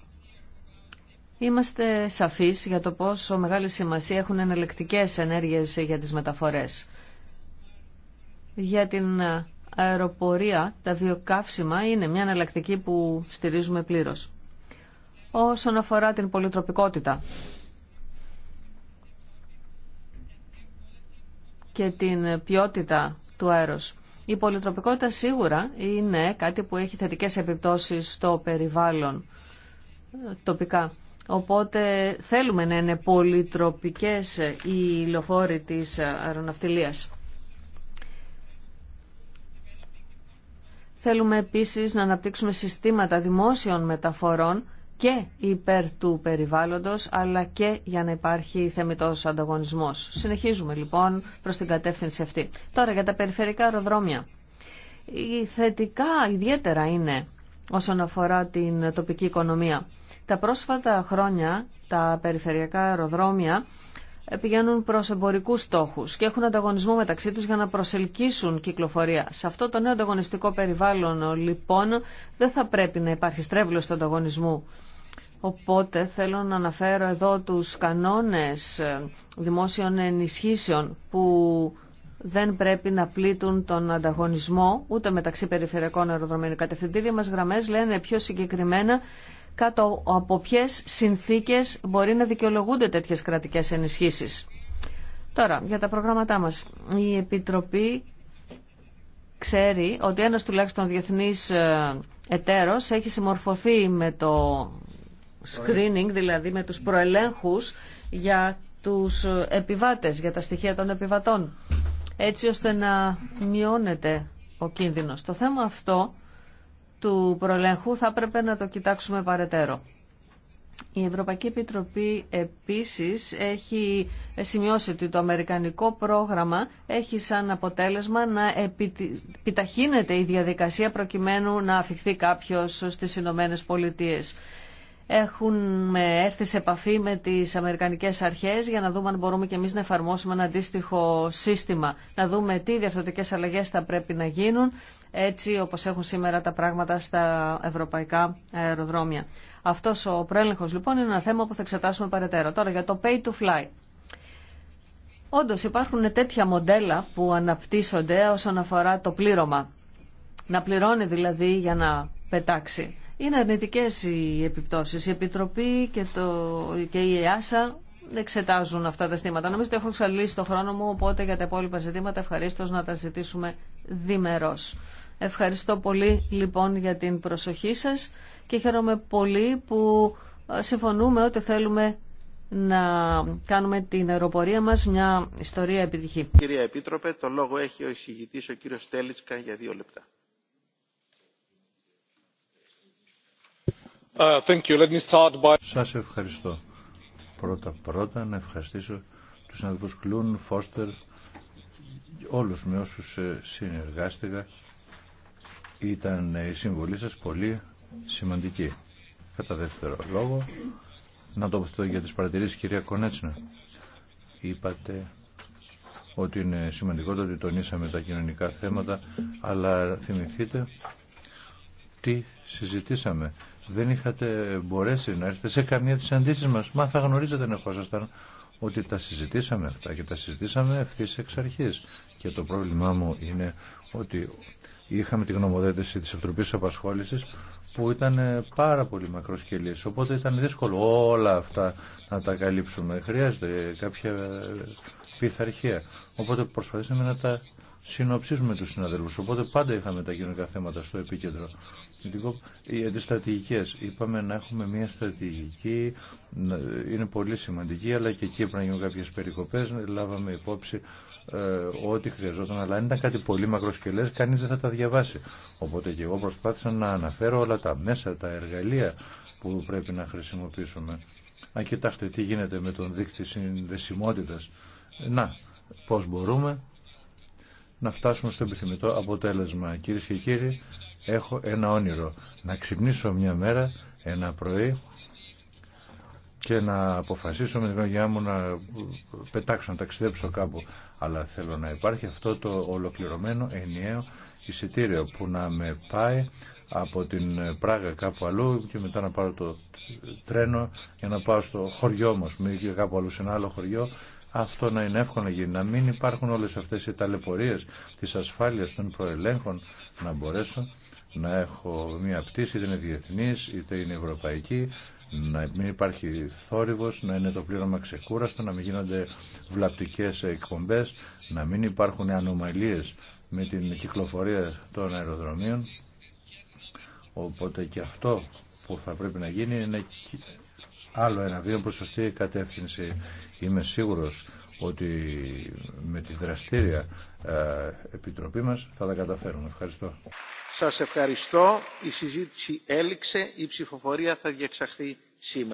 Είμαστε σαφείς για το πόσο μεγάλη σημασία έχουν ενελεκτικές ενέργειες για τις μεταφορές. Για την αεροπορία τα βιοκαύσιμα είναι μια εναλλακτική που στηρίζουμε πλήρως. Όσον αφορά την πολυτροπικότητα και την ποιότητα του αέρος. Η πολυτροπικότητα σίγουρα είναι κάτι που έχει θετικές επιπτώσεις στο περιβάλλον ε, τοπικά. Οπότε θέλουμε να είναι πολυτροπικές οι λεωφόροι της αεροναυτιλίας. Θέλουμε επίσης να αναπτύξουμε συστήματα δημόσιων μεταφορών και υπέρ του περιβάλλοντος, αλλά και για να υπάρχει θεμητός ανταγωνισμός. Συνεχίζουμε λοιπόν προς την κατεύθυνση αυτή. Τώρα για τα περιφερικά αεροδρόμια. Η θετικά ιδιαίτερα είναι όσον αφορά την τοπική οικονομία. Τα πρόσφατα χρόνια τα περιφερειακά αεροδρόμια ε, πηγαίνουν προς εμπορικούς στόχους και έχουν ανταγωνισμό μεταξύ τους για να προσελκύσουν κυκλοφορία. Σε αυτό το νέο ανταγωνιστικό περιβάλλον λοιπόν δεν θα πρέπει να υπάρχει στρέβλος του ανταγωνισμού. Οπότε θέλω να αναφέρω εδώ τους κανόνες ε, δημόσιων ενισχύσεων που δεν πρέπει να πλήττουν τον ανταγωνισμό ούτε μεταξύ περιφερειακών αεροδρομίων. Οι μας γραμμές λένε πιο συγκεκριμένα κάτω από ποιε συνθήκες μπορεί να δικαιολογούνται τέτοιες κρατικές ενισχύσεις. Τώρα, για τα προγράμματά μας. Η Επιτροπή ξέρει ότι ένας τουλάχιστον διεθνής ε, εταίρος έχει συμμορφωθεί με το screening, δηλαδή με τους προελέγχους για τους επιβάτες, για τα στοιχεία των επιβατών έτσι ώστε να μειώνεται ο κίνδυνος. Το θέμα αυτό του προλέγχου θα πρέπει να το κοιτάξουμε παρετέρω. Η Ευρωπαϊκή Επιτροπή επίσης έχει σημειώσει ότι το αμερικανικό πρόγραμμα έχει σαν αποτέλεσμα να επιταχύνεται η διαδικασία προκειμένου να αφηχθεί κάποιος στις Ηνωμένε Πολιτείες. Έχουν έρθει σε επαφή με τις Αμερικανικές Αρχές για να δούμε αν μπορούμε και εμείς να εφαρμόσουμε ένα αντίστοιχο σύστημα. Να δούμε τι διαφορετικές αλλαγές θα πρέπει να γίνουν έτσι όπως έχουν σήμερα τα πράγματα στα ευρωπαϊκά αεροδρόμια. Αυτός ο προέλεγχος λοιπόν είναι ένα θέμα που θα εξετάσουμε παρετέρω. Τώρα για το pay to fly. Όντω υπάρχουν τέτοια μοντέλα που αναπτύσσονται όσον αφορά το πλήρωμα. Να πληρώνει δηλαδή για να πετάξει. Είναι αρνητικέ οι επιπτώσει. Η Επιτροπή και, το, και η ΕΑΣΑ εξετάζουν αυτά τα ζητήματα. Νομίζω ότι έχω εξαλείψει το χρόνο μου, οπότε για τα υπόλοιπα ζητήματα ευχαρίστω να τα ζητήσουμε διμερός. Ευχαριστώ πολύ λοιπόν για την προσοχή σα και χαίρομαι πολύ που συμφωνούμε ότι θέλουμε να κάνουμε την αεροπορία μας μια ιστορία επιτυχή. Κυρία Επίτροπε, το λόγο έχει ο εισηγητής ο κύριος Τέλιτσκα για δύο λεπτά. Uh, by... Σας ευχαριστώ. Πρώτα πρώτα να ευχαριστήσω τους συναδελφούς Κλούν, Φώστερ, όλους με όσους ε, συνεργάστηκα. Ήταν ε, η συμβολή σας πολύ σημαντική. Κατά δεύτερο λόγο, να το πω για τις παρατηρήσεις κυρία Κονέτσνα. Είπατε ότι είναι σημαντικό το ότι τονίσαμε τα κοινωνικά θέματα, αλλά θυμηθείτε τι συζητήσαμε δεν είχατε μπορέσει να έρθετε σε καμία τη αντίστοιχη μα, Μα θα γνωρίζετε να ερχόσασταν ότι τα συζητήσαμε αυτά και τα συζητήσαμε ευθύ εξ αρχή. Και το πρόβλημά μου είναι ότι είχαμε τη γνωμοδέτηση τη Επιτροπή Απασχόληση που ήταν πάρα πολύ μακροσκελής. Οπότε ήταν δύσκολο όλα αυτά να τα καλύψουμε. Χρειάζεται κάποια πειθαρχία. Οπότε προσπαθήσαμε να τα συνοψίζουμε τους συναδέλφους. Οπότε πάντα είχαμε τα κοινωνικά θέματα στο επίκεντρο. Οι για τις στρατηγικές. Είπαμε να έχουμε μια στρατηγική, είναι πολύ σημαντική, αλλά και εκεί πρέπει να γίνουν κάποιες περικοπές, λάβαμε υπόψη ε, ό,τι χρειαζόταν, αλλά αν ήταν κάτι πολύ μακροσκελές, κανείς δεν θα τα διαβάσει. Οπότε και εγώ προσπάθησα να αναφέρω όλα τα μέσα, τα εργαλεία που πρέπει να χρησιμοποιήσουμε. Αν κοιτάξτε τι γίνεται με τον δείκτη συνδεσιμότητας. Να, πώς μπορούμε να φτάσουμε στο επιθυμητό αποτέλεσμα. Κυρίε και κύριοι, έχω ένα όνειρο. Να ξυπνήσω μια μέρα, ένα πρωί και να αποφασίσω με την οικογένειά μου να πετάξω, να ταξιδέψω κάπου. Αλλά θέλω να υπάρχει αυτό το ολοκληρωμένο ενιαίο εισιτήριο που να με πάει από την Πράγα κάπου αλλού και μετά να πάρω το τρένο για να πάω στο χωριό μας ή κάπου αλλού σε ένα άλλο χωριό αυτό να είναι εύκολο να γίνει, να μην υπάρχουν όλες αυτές οι ταλαιπωρίες της ασφάλειας των προελέγχων, να μπορέσω να έχω μια πτήση, είτε είναι διεθνής, είτε είναι ευρωπαϊκή, να μην υπάρχει θόρυβος, να είναι το πλήρωμα ξεκούραστο, να μην γίνονται βλαπτικές εκπομπές, να μην υπάρχουν ανομαλίες με την κυκλοφορία των αεροδρομίων. Οπότε και αυτό που θα πρέπει να γίνει είναι άλλο ένα βήμα προς σωστή κατεύθυνση. Είμαι σίγουρος ότι με τη δραστήρια ε, επιτροπή μας θα τα καταφέρουμε. Ευχαριστώ. Σας ευχαριστώ. Η συζήτηση έληξε. Η ψηφοφορία θα διεξαχθεί σήμερα.